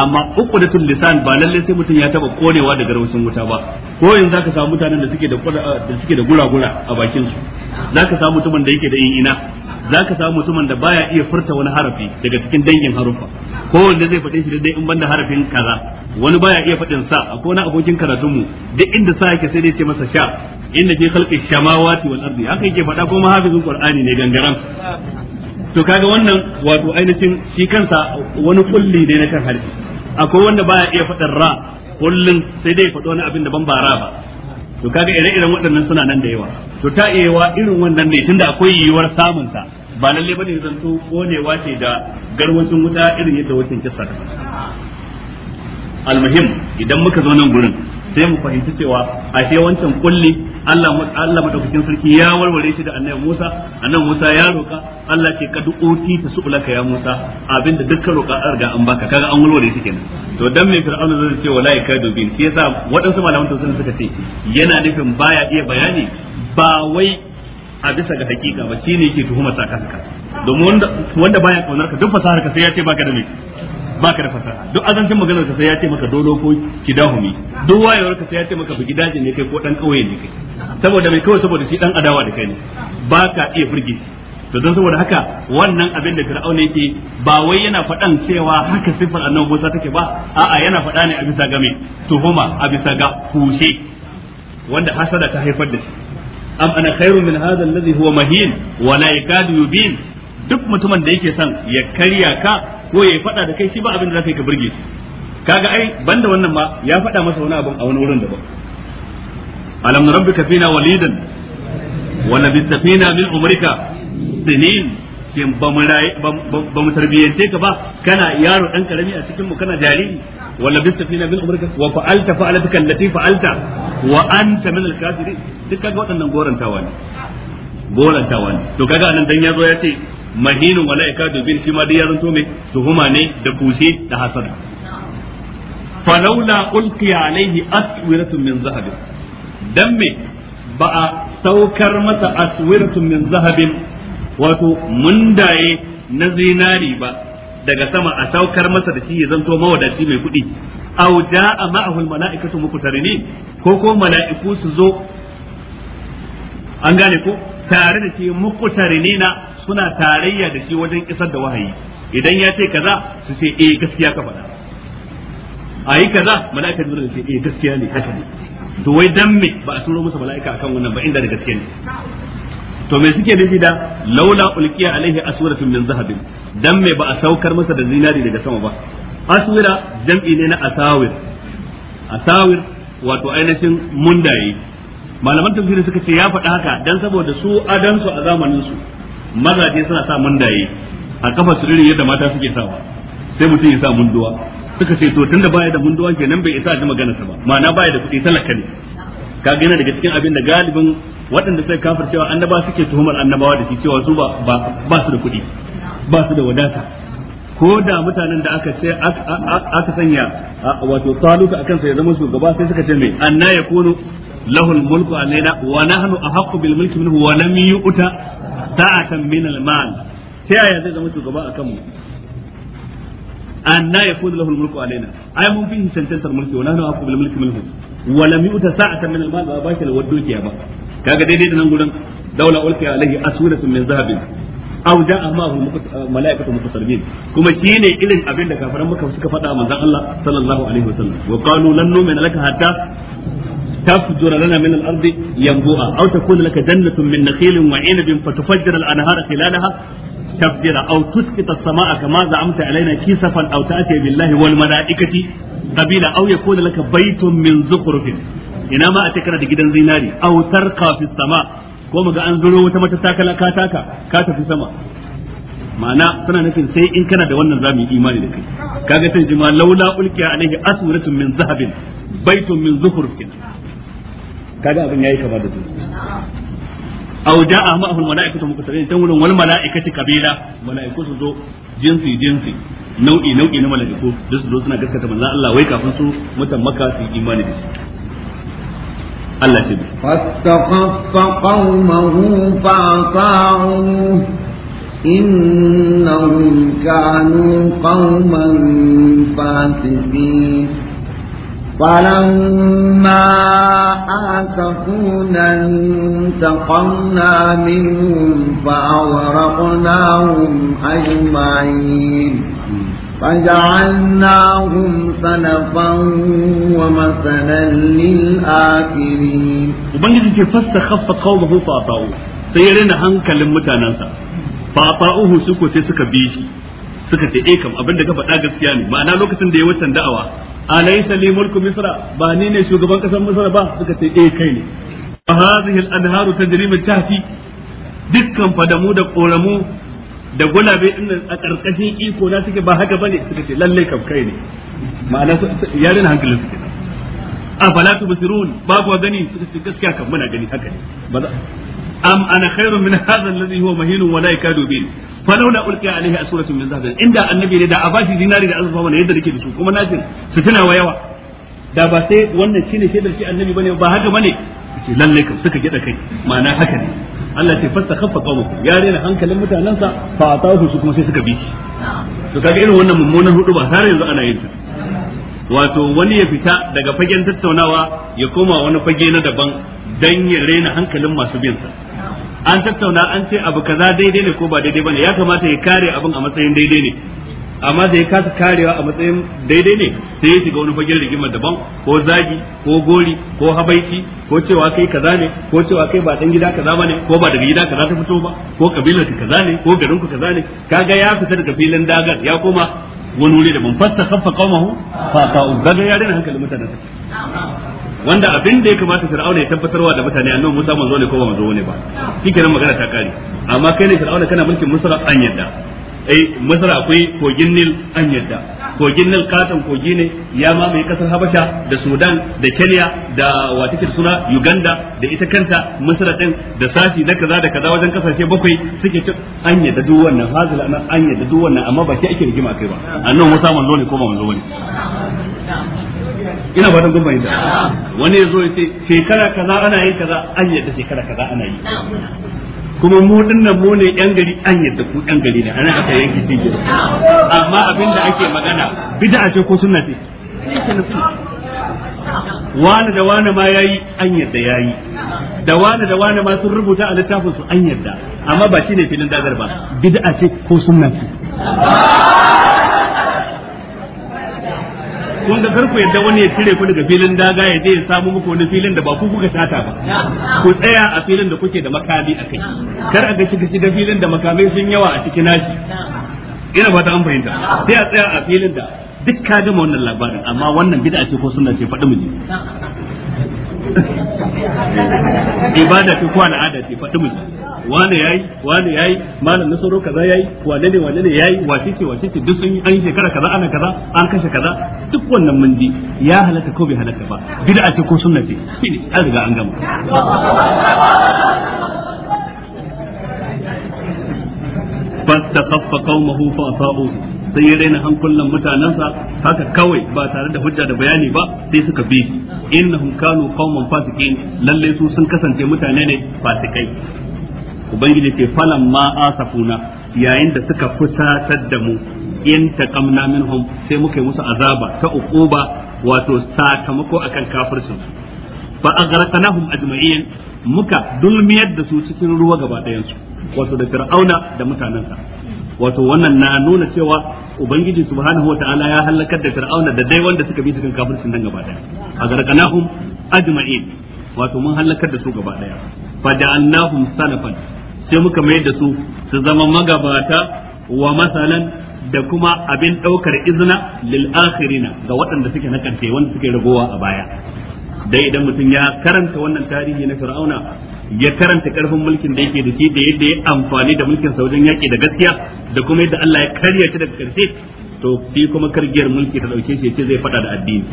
amma uqdatul lisan ba lalle sai mutum ya taba konewa daga raushin wuta ba ko yin zaka samu mutanen da suke da da suke da gura a bakin su zaka samu mutumin da yake da ina zaka samu mutumin da baya iya furta wani harafi daga cikin dangin haruffa ko wanda zai faɗe shi daidai in banda harafin kaza wani baya iya faɗin sa akwai wani abokin mu duk inda sa yake sai dai ce masa sha inda ke khalqi shamawati wal ardi haka yake faɗa ko mahafizin qur'ani ne gangaran to kaga wannan wato ainihin shi kansa wani kulli ne na kan harshe akwai wanda baya iya faɗin ra kullun sai dai faɗi wani abin da ban bara ba to kaga ire-iren waɗannan suna nan da yawa to ta iya irin wannan ne tunda akwai yiwuwar samun ta ba lalle bane zanto konewa ce da garwacin wuta irin yadda wucin kissa ta muhim idan muka zo nan gurin sai mu fahimci cewa a ce wancan kulli Allah Allah madaukakin sarki ya warware shi da annabi Musa annabi Musa ya roka Allah ke kadu oti ta tasulaka ya Musa abinda dukkan roka an riga an baka kaga an warware shi kenan to dan me fir'auna zai ce wala kai dubin shi yasa waɗansu malaman tafsir suka ce yana nufin baya iya bayani ba wai a bisa ga hakika ba shine yake tuhumar sa kanka domin wanda baya kaunar ka duk fasaharka sai ya ce baka da mai baka da fasaha duk azancin maganar ka sai ya ce maka dolo ko kidahumi duk wayewar ka sai ya ce maka bi gidaje ne kai ko dan kauye ne kai saboda mai kawai saboda shi dan adawa da kai ne baka iya furge to don saboda haka wannan abin da fir'auna yake ba wai yana faɗan cewa haka sifar annabi Musa take ba a'a yana faɗa ne a bisa game mai tuhuma a bisa ga kushe wanda hasada ta haifar da shi am ana khairu min hadha alladhi huwa mahin wa la yakadu yubin duk mutumin da yake son ya karya ka ko yayi fada da kai shi ba abin da zaka yi ka burge shi kaga ai banda wannan ma ya faɗa masa wani abin a wani wurin daban alam rabbika fina walidan wa fina min umrika sinin ba mu tarbiyyance ka ba kana yaro dan karami a cikin mu kana jariri wa labista fina min umrika wa fa'alta fa'alatuka allati fa'alta wa anta min al-kafirin duk kaga waɗannan gorantawa ne gorantawa ne to kaga anan dan yazo ya ce Mahinu wala yakadu bin shi ma dai ya zanto mai tuhuma ne da kushe da hasada falaula ulki alaihi aswiratun min zahab dan me ba a saukar masa aswiratun min zahabin wato mundaye na zinari ba daga sama a saukar masa da shi ya zanto mawadaci mai kuɗi aw jaa ma'ahu al-mala'ikatu ko ko mala'iku su zo an gane ko tare da shi muqtarinina suna tarayya da shi wajen isar da wahayi idan ya ce kaza su ce eh gaskiya ka faɗa ayi kaza mala'ika jibril ce eh gaskiya ne haka ne to wai dan me ba a turo musu mala'ika akan wannan ba inda da gaskiya ne to me suke nufi da laula ulqiya alaihi aswaratun min zahabin dan me ba a saukar masa da zinari daga sama ba aswira jam'i ne na asawir asawir wato ainihin mundaye malaman tafsiri suka ce ya faɗi haka dan saboda su adansu a zamanin su mazaje suna sa daye a kafa su irin yadda mata suke sawa sai mutum ya sa munduwa suka ce to tunda baya da munduwa kenan bai isa ji magana sa ba ma'ana baya da kuɗi talaka ne kaga yana daga cikin abin da galibin waɗanda sai kafircewa annaba suke tuhumar annabawa da shi cewa su ba ba su da kuɗi ba su da wadata ko da mutanen da aka ce aka sanya wato taluta akan sa ya zama shugaba sai suka ce mai anna yakunu lahul mulku alaina wa nahnu ahaqqu bil mulki minhu wa lam yu'ta sa'atan min al mal sai aya zai zama shugaba akan mu anna yakunu lahul mulku alaina ai mun fi cancantar mulki wa nahnu ahaqqu bil mulki minhu wa lam yu'ta sa'atan min al mal ba ba shi da waddukiya ba kaga daidai da nan gurin daula ulkiya alaihi aswiratun min zahabin aw da amma hu malaikatu mutasarrimin kuma shine irin abin da kafaran maka fada faɗa a manzon Allah sallallahu alaihi wasallam wa qalu lan nu'mina laka hatta tafjura lana min al-ardi yanbu'a aw takuna laka jannatun min nakhilin wa 'inabin fatufajjira al-anhar khilalaha tafjira aw tusqita as-sama'a kama za'amta alaina kisafan aw ta'ti billahi wal mala'ikati qabila aw yakuna laka baytun min zukhrufin ina ma atakana da gidan zinari Autar tarqa fi ko mu ga an zuro wata mata takala ka taka ka tafi sama ma'ana suna nufin sai in kana da wannan zamu yi imani da kai kaga sai jima laula ulqiya alaihi aswaratun min zahabin baitun min zuhur kaga abin yayi kama da su aw ja'a ma'ahu al-mala'ikatu muqtarin tan wurin wal mala'ikati kabira mala'iku su zo jinsi jinsi nau'i nau'i na mala'iku duk su zo suna gaskata manzo Allah wai kafin su mutan Makka su imani da shi Allah ce fastaqaffa qaumahu fa'ta'u innahum kanu qauman fasiqin فلما آتفونا انتقمنا منهم فأغرقناهم فجعلناهم سلفا ومثلا للآخرين وبنجد كيف فاستخف قومه فأطاعوه سيرين هنكا لمتانانسا فأطاعوه سكو سيسك بيشي suka ce eh kam abin da ka faɗa gaskiya ne ma'ana lokacin da ya wancan da'awa alaysa li mulku ba ni ne shugaban ƙasar misra ba suka ce eh kai ne fa Alharu ta anharu tajri min dukkan fadamu da koramu da gulabe din a karkashin iko na suke ba haka bane suka ce lalle kam kai ne ma'ana yarin hankalin suke a fala tu basirun ba ku gani suka ce gaskiya kam muna gani haka ne am ana khairun min hadha alladhi huwa mahinun wa la yakadu bil falawla ulqiya alayhi asuratun min zahab inda annabi ne da a bashi dinari da azurfa mana yadda nake da su kuma na ce su tana wa yawa da ba sai wannan shine shaidar shi annabi bane ba haka bane ce lalle kam suka gida kai ma'ana haka ne Allah ce fasta khaffa qawmukum ya rena hankalin mutanansa fa atahu su kuma sai suka bi to kaga irin wannan mummunan hudu ba tare yanzu ana yin ta wato wani ya fita daga fagen tattaunawa ya koma wani fage na daban dan ya rena hankalin masu bin sa an tattauna an ce abu kaza daidai ne ko ba daidai bane ya kamata ya kare abin a matsayin daidai ne amma da ya kasa karewa a matsayin daidai ne sai ya shiga wani fagen rigimar daban ko zagi ko gori ko habaici ko cewa kai kaza ne ko cewa kai ba dan gida kaza bane ko ba daga gida kaza ta fito ba ko kabilar ka kaza ne ko garin ku kaza ne kaga ya fita daga filin dagar ya koma wani wuri da mun fasta khaffa qaumahu fa ta'u daga ya daina hankalin mutanen wanda abin da ya kamata fir'auna ya tabbatarwa da mutane annabi Musa manzo ne ko ba manzo ne ba shikenan magana ta kare amma kai ne fir'auna kana mulkin Misra an yadda ai eh, Masara akwai kogin nil an yadda kogin nil katon kogi ne ya mamaye kasar habasha da sudan da kenya da wata suna uganda da ita kanta Masara din da sashi na kaza da kaza wajen kasashe bakwai suke ci an yadda duk wannan hazil an an yadda duk wannan amma ba shi ake rigima kai ba annan musa manzo ne ko ba manzo bane ina fatan kun fahimta wani ya zo ya ce shekara kaza ana yin kaza an yadda shekara kaza ana yi kuma mu dinnan mu ne yan gari an yadda ku yan gari ne ana aka yanki tije amma abinda ake magana bid'a ce ko sunna ce wani da wani ma yayi an yadda yayi da wani da wani ma sun rubuta a littafin su an yadda amma ba shine filin dagar ba bid'a ce ko sunna ce kun ga karku yadda wani ya cire ku daga filin daga ya je ya samu muku wani filin da ba ku kuka sata ba ku tsaya a filin da kuke da makami a kai kar a ga shiga shiga filin da makamai sun yawa a cikin nashi ina ba ta an fahimta sai a tsaya a filin da duk ka gama wannan labarin amma wannan bid'a ce ko sunna ce faɗi miji ibada ce ko al'ada ce faɗi miji wane yayi wane yayi malam na sauro kaza yayi wane ne wane ne yayi wace ce wace ce duk sun yi an shekara kaza ana kaza an kashe kaza duk wannan mun ji ya halaka ko bai halaka ba bid'a ce ko sunna ce shine an riga an gama fastaqaffa qaumahu fa asabu sai ya daina hankulan mutanensa haka kawai ba tare da hujja da bayani ba sai suka bi shi innahum kanu qauman fasikin lalle su sun kasance mutane ne fasikai ubangiji ce falan ma asafuna yayin da suka fusatar da mu in taqamna minhum sai muka yi musu azaba ta uquba wato sakamako akan kafircin fa aghraqnahum ajma'in muka dulmiyar da su cikin ruwa gaba ɗayan su wato da fir'auna da mutanensa wato wannan na nuna cewa ubangiji subhanahu wataala ya halakar da fir'auna da dai wanda suka bi cikin kafircin nan gaba daya agharqnahum ajma'in wato mun halakar da su gaba daya faja'alnahum salafan sai muka mai da su su zama magabata wa masalan da kuma abin daukar izina lil akhirina ga waɗanda suke na kante wanda suke ragowa a baya dai idan mutum ya karanta wannan tarihi na fir'auna ya karanta karfin mulkin da yake da shi da yadda ya amfani da mulkin sa wajen yaki da gaskiya da kuma yadda Allah ya karya shi daga karshe to shi kuma kargiyar mulki ta dauke shi ce zai fada da addini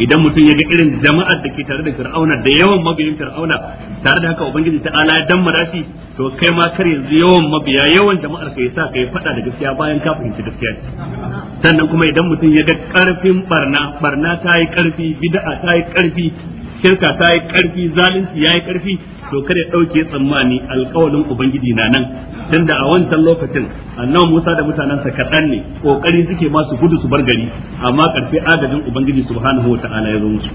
idan mutum ya ga irin jama'ar da ke tare da fir'auna da yawan mabiyin fir'auna tare da haka ubangiji ta ala ya damma shi to kai ma kar yanzu yawan mabiya yawan jama'ar ka yasa kai fada da gaskiya bayan ka fahimci gaskiya sannan kuma idan mutum ya ga karfin barna barna ta yi karfi bid'a ta yi karfi shirka ta yi karfi zalunci ya yi karfi to kar ya ɗauke tsammani alkawalin ubangiji na nan tunda a wancan lokacin annabi Musa da mutanensa kaɗan ne ƙoƙari suke masu gudu su bar gari amma karfi adadin ubangiji subhanahu wa ta'ala ya zo musu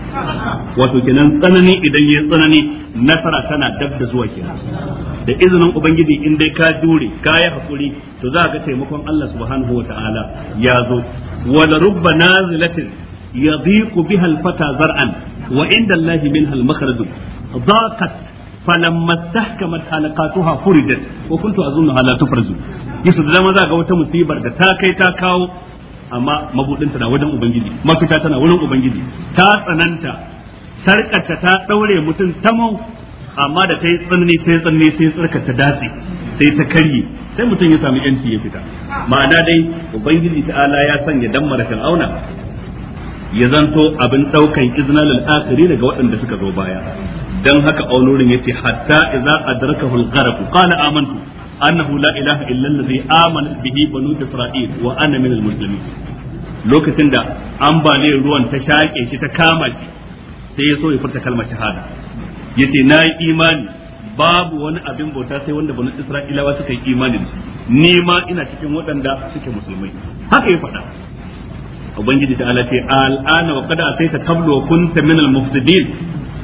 wato kenan tsanani idan ya tsanani nasara tana dab da zuwa kenan da izinin ubangiji in dai ka jure ka yi hakuri to za ka taimakon Allah subhanahu wa ta'ala ya zo wa rubba nazilatin yadhiqu biha al-fata zar'an wa inda Allah minha al-makhraj daqat falamma tahkamat halaqatuha furidat wa kuntu azunnaha da dama za ga wata musibar da ta kai ta kawo amma mabudinta na wajen ubangiji mafita tana wurin ubangiji ta tsananta sarkarta ta daure mutum tamau amma da ta yi tsanani sai tsanani sai ta dace sai ta karye sai mutum ya sami yanci ya fita ma'ana dai ubangiji ta'ala ya sanya dammara fir'auna ya zanto abin daukan izna al-akhiri daga waɗanda suka zo baya dan haka aunurin yace hatta idza adrakahu al gharq qala amantu annahu la ilaha illa allazi amana bihi banu isra'il wa ana min al muslimin lokacin da ambaliyar ruwan ta shaƙe shi ta kama shi sai ya so ya furta kalmar shahada yace na yi imani babu wani abin bauta sai wanda banu isra'ilawa suka yi imani ni ma ina cikin waɗanda suke musulmai haka ya faɗa ubangiji da ala ce al'ana wa kada a qablu wa kunta min al mufsidin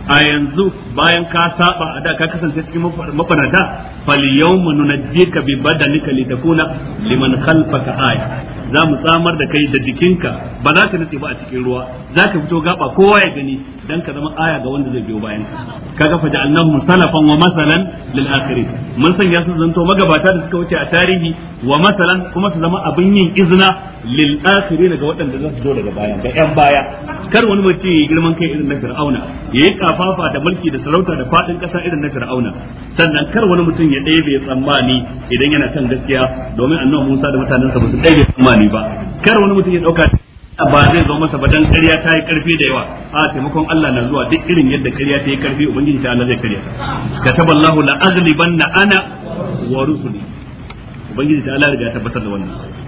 a yanzu bayan ka saba a da ka kasance cikin mafarata fal yawma nunajjika bi badanika litakuna liman khalfaka aya za mu tsamar da kai da jikinka ba za ka nutse ba a cikin ruwa za ka fito gaba kowa ya gani dan ka zama aya ga wanda zai biyo bayan ka kaga fa ja'alnahum salafan wa masalan lil akhirin mun sanya su zanto magabata da suka wuce a tarihi wa masalan kuma su zama abin yin izina lil akhirin ga waɗanda za su zo daga baya ga yan baya kar wani mutum ya girman kai irin na fir'auna yayi kafafa da mulki da sarauta da fadin kasa irin na fir'auna sannan kar wani mutum ya ɗebe tsammani idan yana kan gaskiya domin annabi Musa da mutanensa ba su ɗebe tsammani amfani ba kar wani mutum ya dauka ba zai zo masa badan dan ƙarya ta yi ƙarfi da yawa a taimakon Allah na zuwa duk irin yadda ƙarya ta yi ƙarfi ubangiji ta Allah zai ƙarya ka taballahu la ana wa rusuli ubangiji ta Allah riga tabbatar da wannan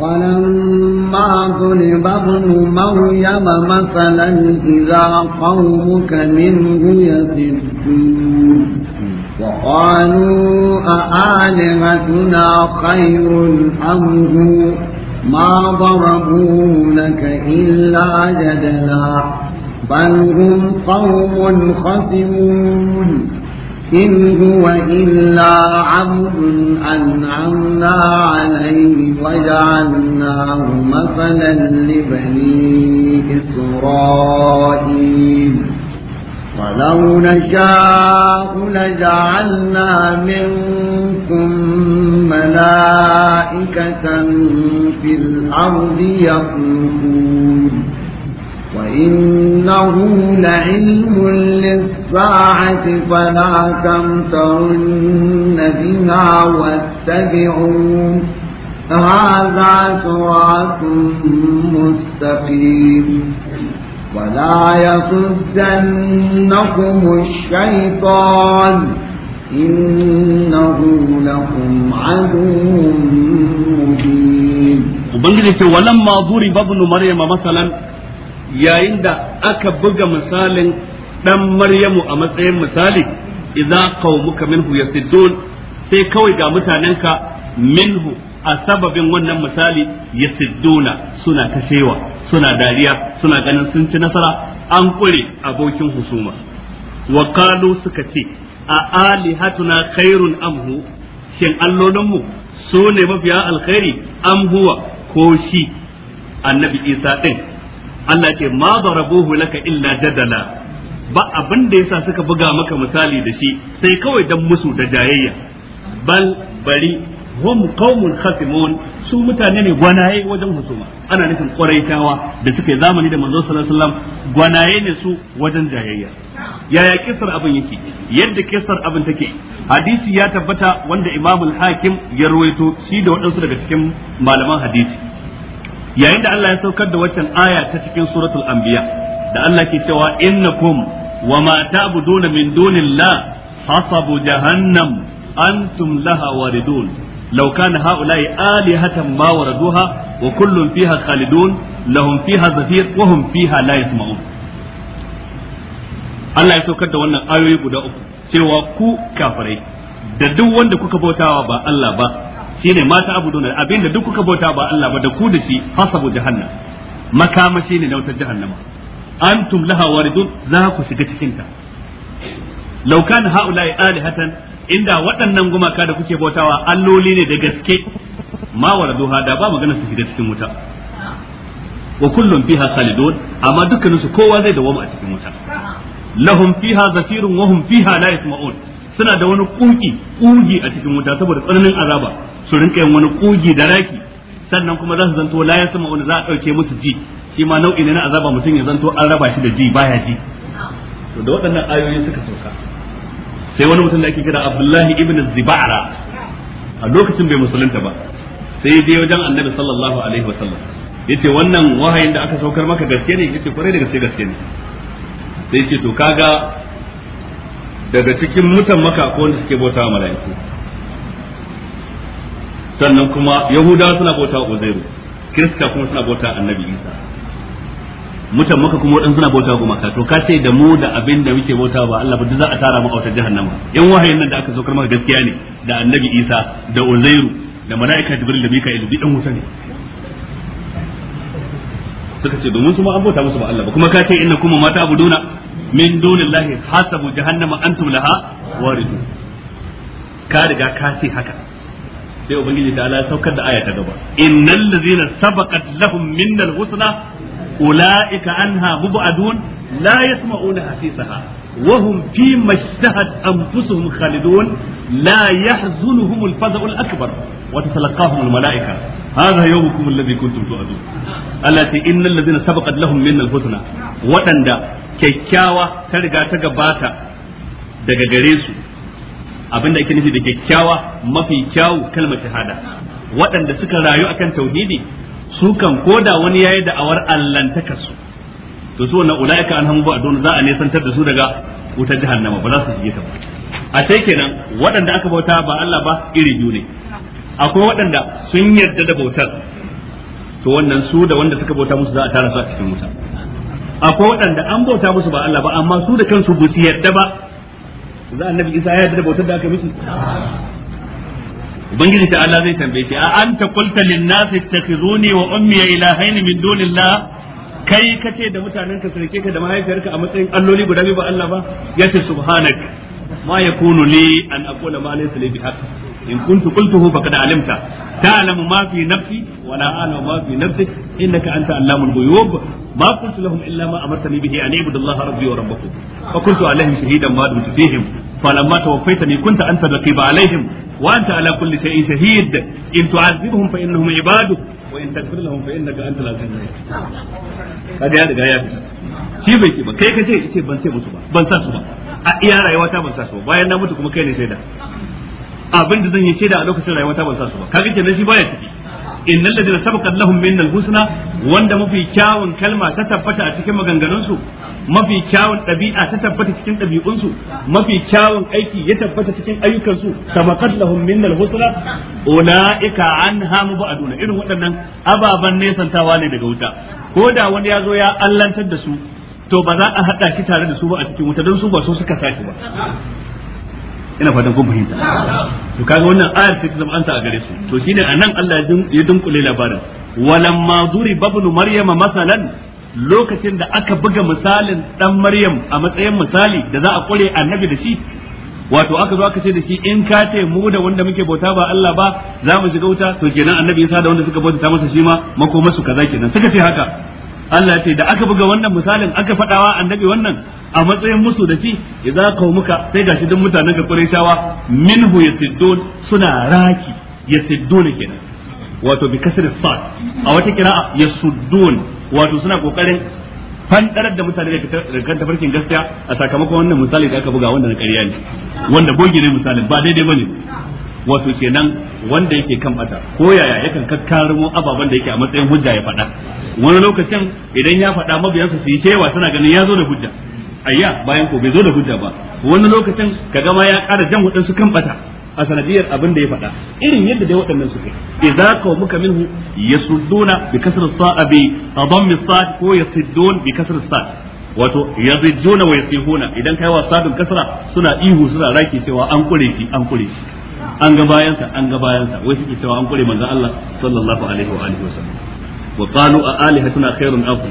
ولما ضرب ابن مريم مثلا إذا قومك منه وقالوا أآلهتنا خير أم هو ما ضربوه لك إلا جدلا بل هم قوم خصمون إن هو إلا عبد أنعمنا عليه وجعلناه مثلا لبني إسرائيل ولو نشاء لجعلنا منكم ملائكة في الأرض يخلقون وإنه لعلم للساعة فلا تمترن بها واتبعون هذا صراط مستقيم ولا يصدنكم الشيطان إنه لكم عدو مبين وبنجد ولما ضرب ابن مريم مثلا yayin da aka buga misalin ɗan Maryamu a matsayin misali idza qaumuka minhu yasiddun sai kawai ga mutanenka minhu a sababin wannan misali siddona suna ta shewa suna dariya suna ganin sun ci nasara an kure abokin husuma wa kalu suka ce a alihatuna khairun amhu shin mu su ne mafiya alkhairi am ko shi annabi isa din Allah ce ma darabuhu laka illa jadala ba abin da yasa suka buga maka misali da shi sai kawai dan musu da jayayya bal bari hum qaumun khasimun su mutane ne gwanaye wajen husuma ana nufin ƙwaraitawa da suka yi zamani da manzo sallallahu alaihi gwanaye ne su wajen jayayya yaya kisar abin yake yadda kisar abin take hadisi ya tabbata wanda imamul hakim ya ruwaito shi da waɗansu daga cikin malaman hadisi yayin da Allah ya saukar da waccan aya ta cikin suratul anbiya da Allah ke cewa innakum wa ma ta'buduna min dunillah hasabu jahannam antum laha waridun law kana haula'i alihatan ma waraduha wa kullun fiha khalidun lahum fiha zafir wa hum fiha la yasma'un Allah ya saukar da wannan ayoyi guda uku cewa ku kafirai da duk wanda kuka bautawa ba Allah ba shine mata abu abuduna abinda duk kuka bauta ba Allah ba da ku da shi hasabu jahannam makamashi ne na wutar jahannama antum laha waridun za ku shiga cikin ta law kana haula'i alihatan inda waɗannan gumaka da kuke bautawa alloli ne da gaske ma waraduha da ba magana su shiga cikin wuta wa kullum fiha khalidun amma dukkanin su kowa zai dawo a cikin wuta lahum fiha zafirun wa hum fiha la yasma'un suna da wani ƙuƙi kungi a cikin wuta saboda tsananin azaba su rinka yin wani kungi da raki sannan kuma za su zanto la yasma'un za a dauke musu ji shi ma nau'i ne na azaba mutum ya zanto an raba shi da ji baya ji to da waɗannan ayoyi suka sauka sai wani mutum da ake kira abdullahi ibn zibara a lokacin bai musulunta ba sai je wajen annabi sallallahu alaihi wasallam ce wannan wahayin da aka saukar maka gaske ne ce kwarai da gaske gaske ne sai ce to kaga daga cikin mutan maka ko wanda suke bauta wa mala'iku sannan kuma yahudawa suna bauta wa uzairu kirista kuma suna bauta annabi isa mutan maka kuma waɗansu suna bauta gumaka to ka ce da mu da abin da muke bauta ba Allah ba za a tara mu a wata jahannama yan wahayin nan da aka saukar maka gaskiya ne da annabi Isa da Uzairu da mala'ika Jibril da Mika'il da ɗan wuta ne suka ce domin su ma an bauta musu ba Allah ba kuma ka ce inna kuma mata abuduna min dunillahi hasabu jahannama antum laha waridun ka riga ka ce haka sai ubangiji ta ala saukar da aya ta gaba innal ladzina sabaqat lahum minnal husna أولئك عنها مبعدون لا يسمعون حسيسها وهم فيما اشتهت أنفسهم خالدون لا يحزنهم الفزع الأكبر وتتلقاهم الملائكة هذا يومكم الذي كنتم تؤذون التي إن الذين سبقت لهم من الحسنى وتندى كيكاوة ترجع تقباتا daga gare su abinda ake nufi da kyakkyawa mafi kyawu kalmar shahada waɗanda suka rayu akan tauhidi su kan koda wani yayi da awar allantaka su to su wannan ulaiika an hamu don za a nesantar da su daga wutar jahannama ba za su shige ta ba a sai kenan waɗanda aka bauta ba Allah ba iri biyu ne akwai waɗanda sun yarda da bautar to wannan su da wanda suka bauta musu za a tara su a cikin wuta akwai waɗanda an bauta musu ba Allah ba amma su da kansu ba su yarda ba za annabi Isa ya yarda da bautar da aka musu ubangiji ta Allah zai tambaye shi a ta qulta lin nas ittakhizuni wa ummi ilahaini min dunillah kai kace da mutanen ka sarke ka da mahaifiyarka a matsayin alloli guda biyu ba Allah ba yace subhanak ma yakunu li an aqula ma laysa li bihaq in kuntu qultuhu faqad alimta ta'lamu ma fi nafsi wa la a'lamu ma fi nafsik innaka anta allamul ghuyub ma qultu lahum illa ma amartani bihi an ibudu allaha rabbi wa rabbakum fa kuntu alaihim shahidan ma dumtu fihim falamma tawaffaytani kunta anta raqiba alaihim wa anta ala kulli shay'in shahid in tu'azibhum fa innahum ibaduk wa in taghfir lahum fa innaka antal azizul hakim kaga ya daga ya shi bai ki ba kai kace ce ban sai musu ba ban sa su ba a iya rayuwa ta ban sa su ba bayan na mutu kuma kai ne sai da. abin da zan yi shaida a lokacin rayuwata ban sa su ba kaga kenan shi baya ciki innal ladina sabaqat lahum minnal husna wanda mafi kyawun kalma ta tabbata a cikin maganganun su mafi kyawun dabi'a ta tabbata cikin dabi'un su mafi kyawun aiki ya tabbata cikin ayyukan su sabaqat lahum minnal husna ulaika anha mubaduna irin waɗannan ababan nesantawa ne daga wuta ko da wani ya zo ya allantar da su to ba za a haɗa shi tare da su ba a cikin wuta don su ba su suka sashi ba ina fatan kun fahimta to kaga wannan ayar sai ta zama anta a gare su to shine anan Allah ya dunkule labarin walamma duriba ibn maryama masalan lokacin da aka buga misalin dan maryam a matsayin misali da za a kure annabi da shi wato aka zo aka ce da shi in ka ce mu da wanda muke bauta ba Allah ba za mu shiga wuta to kenan annabi ya sa da wanda suka bauta masa shi ma mako masu kaza kenan suka ce haka Allah ce da aka buga wannan misalin aka fadawa annabi wannan a matsayin musu da shi idza qaumuka sai gashi dan mutanen ga qurayshawa minhu yasiddun suna raki yasiddun kenan wato bi kasri sad a wata kira'a yasuddun wato suna kokarin fantar da mutane da kan tafarkin gaskiya a sakamakon wannan misali da aka buga wannan ƙarya ne wanda gogi ne misalin ba daidai bane wato kenan wanda yake kan bata ko yaya yakan kakkarimo ababen da yake a matsayin hujja ya faɗa wani lokacin idan ya faɗa mabiyan su yi cewa suna ganin ya zo da hujja ayya bayan ko bai zo da hujja ba wani lokacin kaga ma ya ƙara jan waɗansu kan bata a sanadiyar abin da ya fada irin yadda dai waɗannan suke idza qawmuka minhu yasudduna bi kasr as saabi adam as sai ko yasuddun bi kasr as sai wato yazijjuna wa yasihuna idan kai wa sadun kasra suna ihu suna raki cewa an kure shi an kure shi an ga bayansa an ga bayansa wai suke cewa an kure manzon Allah sallallahu alaihi wa alihi wasallam wa qalu a alihatuna khairun afu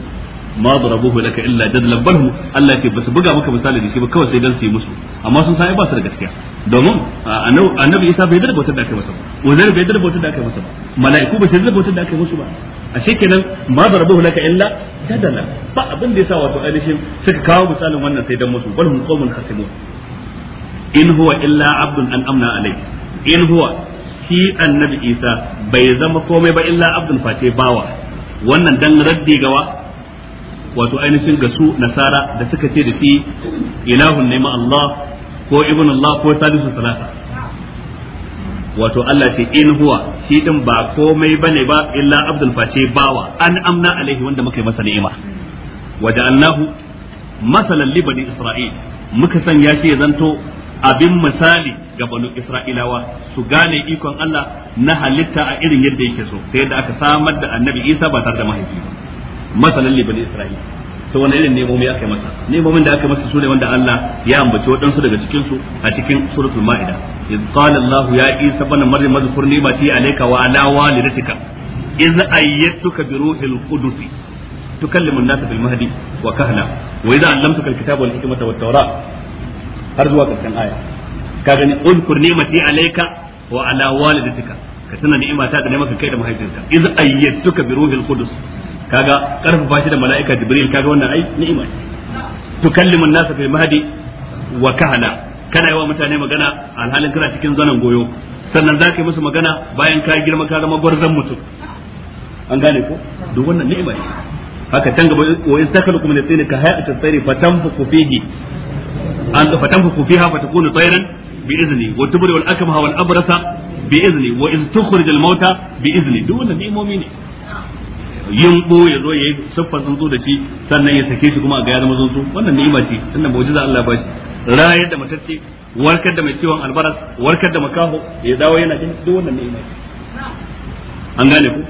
ma darabuhu laka illa balhu Allah basu buga maka misali da shi ba kawai sai dan su yi musu amma sun sai ba su da gaskiya domin annabi Isa bai da kai masa ba bai da kai masa ba mala'iku ba su da kai musu ba ma darabuhu laka illa ba abin da yasa wato ainihin suka kawo misalin wannan sai dan musu balhum khasimun in huwa illa abdun an amna alayhi in huwa shi annabi isa bai zama komai ba illa abdul fate bawa wannan dan raddi gawa wato ainihin ga su nasara da suka ce da shi ilahun ne Allah ko ibn Allah ko salisu salata wato Allah ce in huwa shi din ba komai bane ba illa abdul fate bawa an amna alaihi wanda muka yi masa ni'ima annahu masalan li bani isra'il muka sanya shi ya zanto abin misali ga banu isra'ilawa su gane ikon Allah na halitta a irin yadda yake so ta yadda aka samar da annabi isa ba tare da mahaifi ba masalan li Isra'il. isra'ila to wani irin nemomi aka yi masa min da aka masa su ne wanda Allah ya ambaci waɗansu daga cikin su a cikin suratul ma'ida iz qala Allah ya isa bana maryam mazkur ni'mati alayka wa ala walidatika iz ayyatuka bi ruhil qudus tukallimu an-nasa bil mahdi wa kahla wa idza allamtuka al-kitaba wal hikmata wat-taura har zuwa karshen aya ka gani udkur ni'mati alayka wa ala walidatika ka tuna ni'ima ta da ne maka kai da mahaifinka iz ayyatuka bi ruhil qudus kaga karfafa shi da mala'ika jibril kaga wannan ai ni'ima ce tukallimu an-nasa fil mahdi wa kahana kana yi mutane magana alhalin kana cikin zanen goyo sannan za ka yi musu magana bayan ka girma ka zama gwarzon mutum an gane ko duk wannan ni'ima ce haka can gaba wa in sakalu kuma ne ka hayatu tsari fatanfu fihi an fatanfu fiha fatakunu tsairan bi izni wa tubri wal akmaha wal abrasa bi izni wa iz tukhrij al mauta bi izni duk wannan ni'imomi ne yin bo ya zo yayi siffar tsuntsu da shi sannan ya sake shi kuma ga ya zama tsuntsu wannan ni'ima ce sannan mu'jiza Allah ba shi rayar da matacce warkar da mai ciwon albaras warkar da makaho ya dawo yana jin duk wannan ni'ima ce an gane ku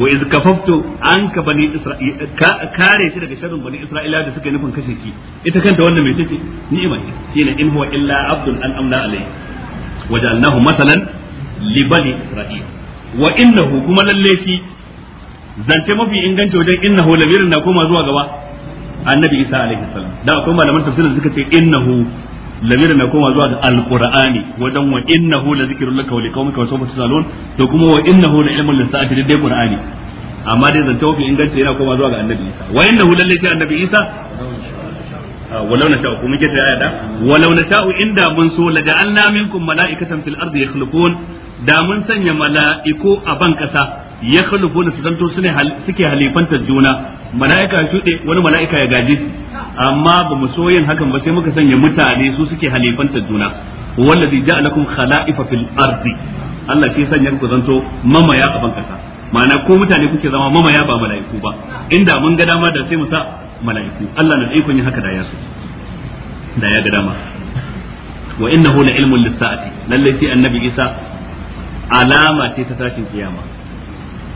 wa iz kafaftu anka bani isra'ila kare shi daga sharrin bani isra'ila da suka nufin kashe ki? ita kanta wannan mai tace ni'ima shine in huwa illa abdun an amna waja'alnahu masalan li bani isra'ila wa innahu kuma lalle shi zance mafi inganci wajen innahu lamirin na koma zuwa gaba annabi isa alaihi salam da akwai malaman tafsirin suka ce innahu lamira na koma zuwa ga alqur'ani wajen wa innahu la zikrun laka wa liqaumika wa sawfa tusalun to kuma wa innahu la ilmun lisa'ati da dai qur'ani amma dai zan mafi inganta yana koma zuwa ga annabi isa wa innahu lalle sai annabi isa ولو نشاء كم جت آية ولو نشاء إن دا سو لجعلنا منكم ملائكة في الأرض يخلقون دا سن ملائكو أبان كسا ya khalufuna su zanto suke halifantar juna mala'ika ya shuɗe wani mala'ika ya gaji su. amma ba mu so yin hakan ba sai muka sanya mutane su suke halifantar juna zai wallazi ja'alakum khala'ifa fil ardi Allah ke sanya ku zanto mamaya a ban kasa ma'ana ko mutane kuke zama mamaya ba mala'iku ba inda mun ga dama da sai mu sa mala'iku Allah na da ikon yin haka da ya so da ya ga dama wa innahu la ilmun lis-sa'ati lalle sai annabi Isa alama ce ta tashin kiyama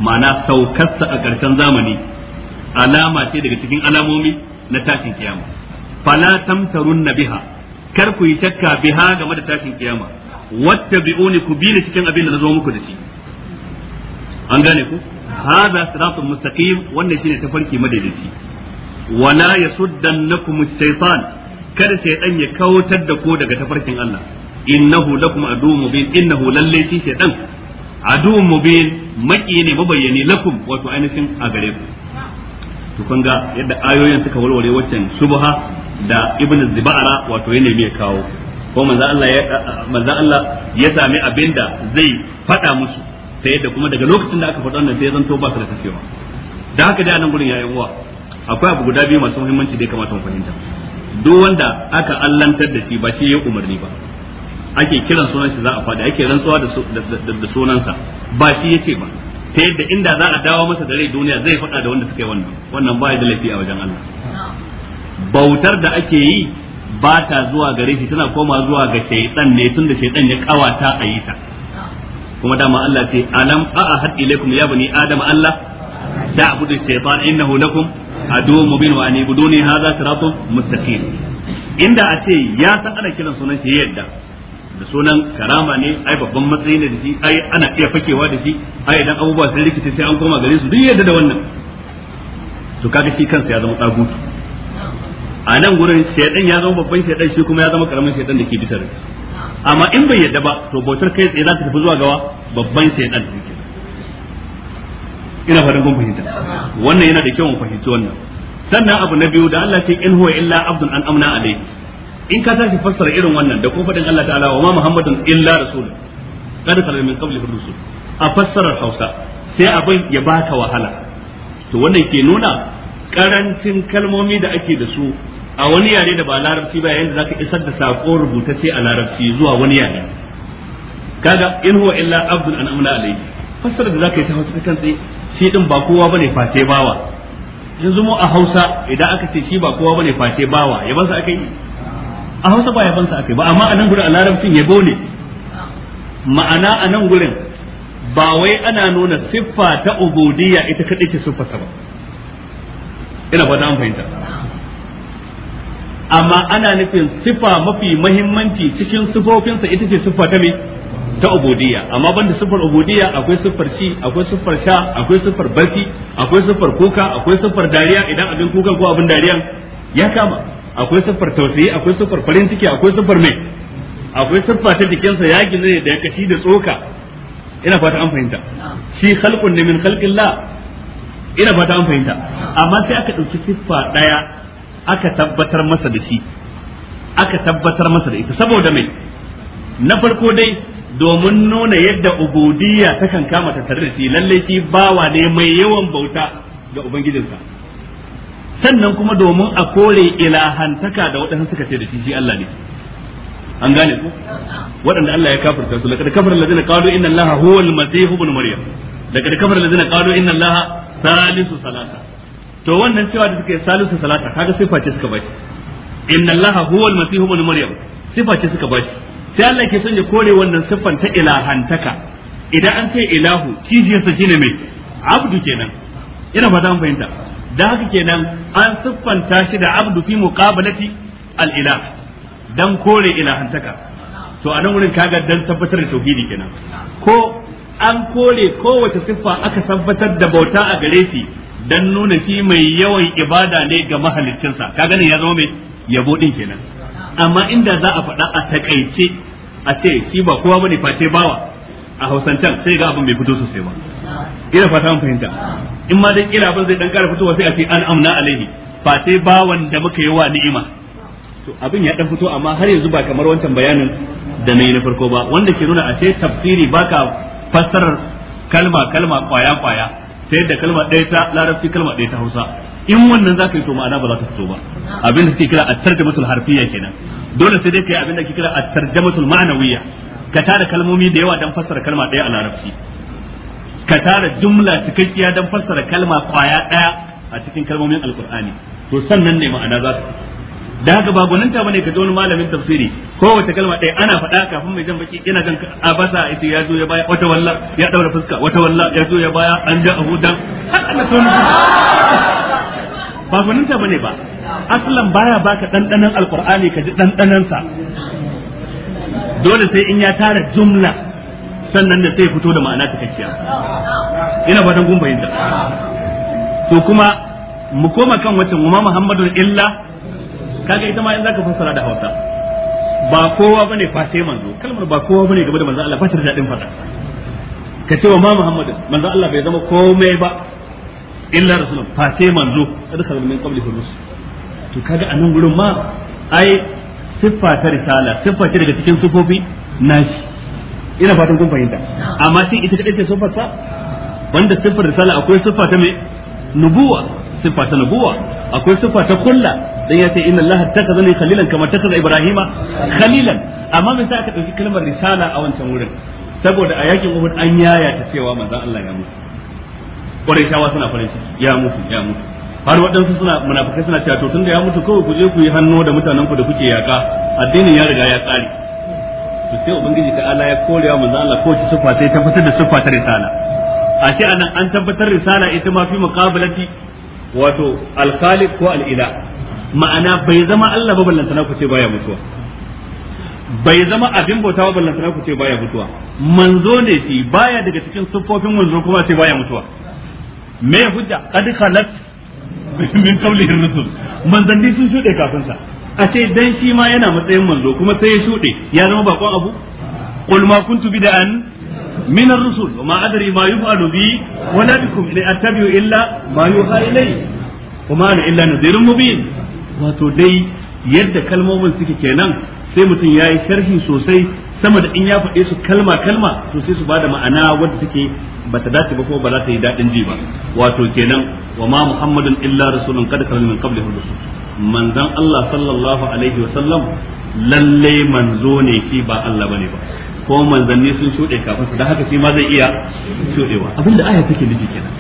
ma'ana saukarsa a ƙarshen zamani alama ce daga cikin alamomi na tashin kiyama fala tamtarun biha kar ku yi shakka biha game da tashin kiyama bi'uni ku bi ni cikin abin da na zo muku da shi an gane ku hada siratun mustaqim wannan shine tafarki madaidaici wala yasuddannakum ash-shaytan kada shaytan ya kautar da ku daga tafarkin Allah innahu lakum adu mubin innahu lalle shi shaytan mubin maki ne mabayyane lakum wato ainihin a gare ku to ga yadda ayoyin suka warware waccan subha da ibnu zibara wato ya nemi ya kawo ko manzo Allah ya sami abin da zai fada musu ta yadda kuma daga lokacin da aka faɗa wannan sai zanto ba su da kasewa da haka dai anan gurin yayin uwa akwai abu guda biyu masu muhimmanci da ya kamata mu fahimta duk wanda aka allantar da shi ba shi ya umarni ba ake kiran sunan shi za a faɗi ake rantsuwa da sunansa ba shi yace ba ta yadda inda za a dawo masa da rai duniya zai faɗa da wanda suka yi wannan wannan ba da laifi a wajen Allah bautar da ake yi ba ta zuwa gare shi tana koma zuwa ga shaytan ne tunda shaytan ya kawata a yi ta kuma dama Allah ce alam a ahad ilaikum ya bani adam Allah da abu abudu shaytan innahu lakum adu mubin wa anibuduni hadha siratun mustaqim inda a ce ya san ana kiran sunan shi yadda da sunan karama ne ai babban matsayi ne da shi ai ana iya fakewa da shi ai idan abubuwa sun rikice sai an koma gare su duk yadda da wannan to kaga shi kansa ya zama tsagutu a nan gurin shedan ya zama babban shedan shi kuma ya zama karamin shedan da ke bisa da amma in bai yadda ba to bautar kai tsaye za ta tafi zuwa gawa babban shedan ina fadin kun fahimta wannan yana da kyau mu fahimci wannan sannan abu na biyu da Allah ce in huwa illa abdun an amna alayhi in ka tashi fassara irin wannan da ko faɗin Allah ta'ala wa ma Muhammadun illa rasul kad kalal min qablihi rusul a fassarar Hausa sai abin ya baka wahala to wannan ke nuna karancin kalmomi da ake da su a wani yare da ba larabci ba yayin da zaka isar da sako rubutacce a larabci zuwa wani yare kaga in huwa illa Abdul an amna alayhi fassara da zaka yi ta hausa kan tsaye shi din ba kowa bane face bawa yanzu mu a hausa idan aka ce shi ba kowa bane face bawa ya ba su aka yi a hausa ba yabansa yi ba amma a nan gurin a larabcin yabo ne ma'ana a nan gurin ba wai ana nuna siffa ta ubudiyya ita kaɗai ce siffarsa ba ina ba an fahimta amma ana nufin siffa mafi mahimmanci cikin siffofinsa ita ce siffa ta me ta ubudiyya amma banda siffar ubudiyya akwai siffar ci akwai siffar sha akwai siffar barci akwai siffar kuka akwai siffar dariya idan abin kukan ko abin dariyan ya kama akwai siffar tausayi akwai siffar farin ciki akwai siffar mai akwai siffa ta jikinsa ya gina ne da kashi da tsoka ina fata an fahimta shi khalqun ne min khalqillah ina fata an fahimta amma sai aka dauki siffa daya aka tabbatar masa da shi aka tabbatar masa da ita saboda mai na farko dai domin nuna yadda ubudiyya ta kan kama ta tare da shi lalle shi bawa ne mai yawan bauta ga ubangijinsa sannan kuma domin a kore ilahantaka da waɗanda suka ce da shi shi Allah ne an gane ku waɗanda Allah ya kafirta su laqad da zina qalu inna Allah huwa al-masih ibn maryam laqad da zina qalu inna Allah salisu salata to wannan cewa da suka yi salisu salata kaga sifa ce suka bashi inna Allah huwa al-masih ibn maryam sifa ce suka bashi sai Allah ke son ya kore wannan siffan ta ilahantaka idan an ce ilahu kishiyarsa shine mai abdu kenan ina fata an fahimta da haka kenan an siffanta shi da abdu fi muqabalati al ilah dan kore ilahantaka to a nan wurin kaga dan tabbatar da tauhidi kenan ko an kore kowace siffa aka tabbatar da bauta a gare shi dan nuna shi mai yawan ibada ne ga mahaliccinsa kaga ne ya zama mai yabo din kenan amma inda za a faɗa a takaice a ce shi ba kowa bane face bawa a hausancan sai ga abin bai fito sosai ba ina fata mun fahimta in ma dai kira abin zai dan kara fitowa sai a ce an amna alaihi ba sai bawan da muka yi wa ni'ima to abin ya dan fito amma har yanzu ba kamar wancan bayanin da na yi na farko ba wanda ke nuna a ce tafsiri baka fassarar kalma kalma kwaya kwaya ta da kalma ɗaya ta larabci kalma ɗaya ta hausa in wannan za ka yi to ma'ana ba za ta fito ba abin da suke kira at-tarjamatul harfiyya kenan dole sai dai kai abin da ake kira at-tarjamatul ma'nawiyya ka tara kalmomi da yawa don fassara kalma ɗaya a larabci ka tara jumla cikakkiya don fassara kalma kwaya ɗaya a cikin kalmomin alkur'ani to sannan ne ma'ana za su da haka ba gwaninta bane ka ji wani malamin tafsiri kowace kalma ɗaya ana faɗa kafin mai jan baki yana jan abasa ita ya zo ya baya wata walla ya daura fuska wata walla ya zo ya baya an ja abu dan ba gwaninta bane ba aslan baya baka ɗanɗanon alkur'ani ka ji ɗanɗanonsa dole sai in ya tara jumla sannan da sai fito da ma'ana cikakkiya ina fatan kun fahimta to kuma mu koma kan wacce ma muhammadu illa kaga ita ma in zaka fassara da Hausa ba kowa bane face manzo kalmar ba kowa bane game da manzo Allah da din fada ka ce wa ma muhammadu manzo Allah bai zama komai ba illa rasulun face manzo kada ka min qabli rusul to kaga anan gurin ma ai siffa ta risala siffa ce daga cikin sufofi shi. ina fatan kun fahimta amma shi ita kadai ce siffar sa wanda siffar risala akwai siffa ta mai nubuwa siffa ta nubuwa akwai siffa ta kulla dan ya ce inna allaha ni khalilan kama takaza ibrahima khalilan amma me sai aka dauki kalmar risala a wancan wurin saboda a yakin Uhud an yaya ta cewa manzon Allah ya mutu shawa suna farin ciki ya mutu ya mutu har waɗansu suna munafikai suna cewa to da ya mutu kawai ku je ku yi hannu da mutanen ku da kuke yaka addinin ya riga ya tsare to sai ubangiji ta ala ya wa manzo Allah ko ci sufa sai tabbatar da sufa ta risala a shi anan an tabbatar risala ita ma fi muqabalati wato al-khaliq ko al-ila ma'ana bai zama Allah ba na ku ce baya mutuwa bai zama abin bauta ba na ku ce baya mutuwa manzo ne shi baya daga cikin sufofin manzo kuma ce baya mutuwa me hujja qad khalat min qablihi rusul manzanni sun shuɗe kafin sa a ce dan shi ma yana matsayin manzo kuma sai ya shuɗe ya zama bakon abu qul ma kuntu bid'an min ar-rusul wa ma adri ma yuf'alu bi wa la bikum a attabi'u illa ma yuha ilayhi wa ma ana illa nadhirun mubin wato dai yadda kalmomin suke kenan sai mutum yayi sharhi sosai sama da in ya faɗe su kalma kalma to sai su bada ma'ana wanda suke ba ta dace ba ko ba za ta yi daɗin ji ba wato kenan wa ma muhammadun illa rasulun kada kalmi min qabli rusul manzon Allah sallallahu alaihi sallam lalle manzo ne shi ba Allah bane ba ko manzanni sun shuɗe kafin su da haka shi ma zai iya shuɗewa abinda aya take nufi kenan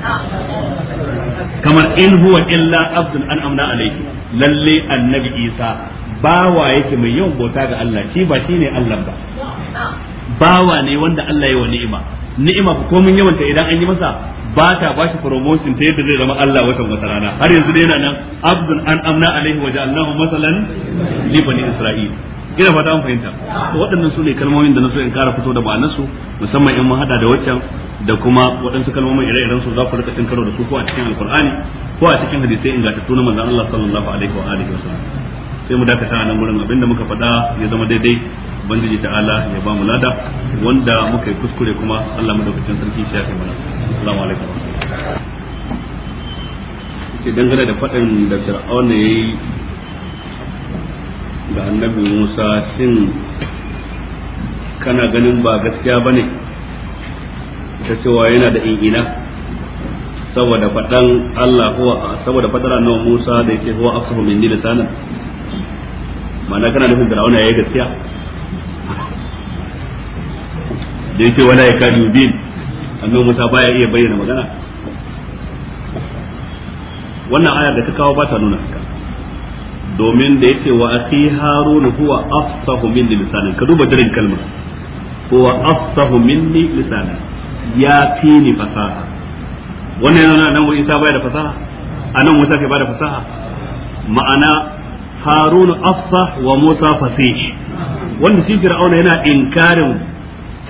kamar in huwa illa abdul an amna alayhi lalle annabi isa bawa yake mai yawan bauta ga Allah shi ba ne Allah ba bawa ne wanda Allah ya wa ni'ima ni'ima ko mun yawanta idan an yi masa ba ta ba shi promotion ta yadda zai zama Allah watan wata rana har yanzu dai yana nan abdul an amna alaihi wa ja'alnahu masalan li bani isra'il ina fata an fahimta to waɗannan su ne kalmomin da na so in kara fito da su musamman in mun hada da waccan da kuma waɗansu kalmomin ire-iren su za ku rika tunkaro da su ko a cikin alkur'ani ko a cikin hadisai ingantattu na manzan Allah sallallahu alaihi wa alihi wasallam sai mu dakata a nan gurin abinda muka faɗa ya zama daidai ubangiji ta'ala ya ba mu lada wanda muka yi kuskure kuma Allah madaukakin sarki shi ya kai mana assalamu alaikum ke dangane da faɗin da fir'auna yayi ga annabi musa shin kana ganin ba gaskiya ba ne ta cewa yana da ingina saboda faɗan Allah huwa saboda faɗar annabi Musa da yake huwa afsahu minni lisanan ma'ana kana nufin Fir'auna yayi gaskiya da yake wala ya kadu bin annabi Musa baya iya bayyana magana wannan aya da ta kawo ba ta nuna haka domin da yake wa akhi harun huwa afsahu minni lisanan ka duba jirin kalmar huwa afsahu minni lisanan ya fi ni fasaha wannan yana nan Isa baya da fasaha anan Musa ke bada fasaha ma'ana harun afsah wa Musa fasih wanda shi fir'auna yana inkarin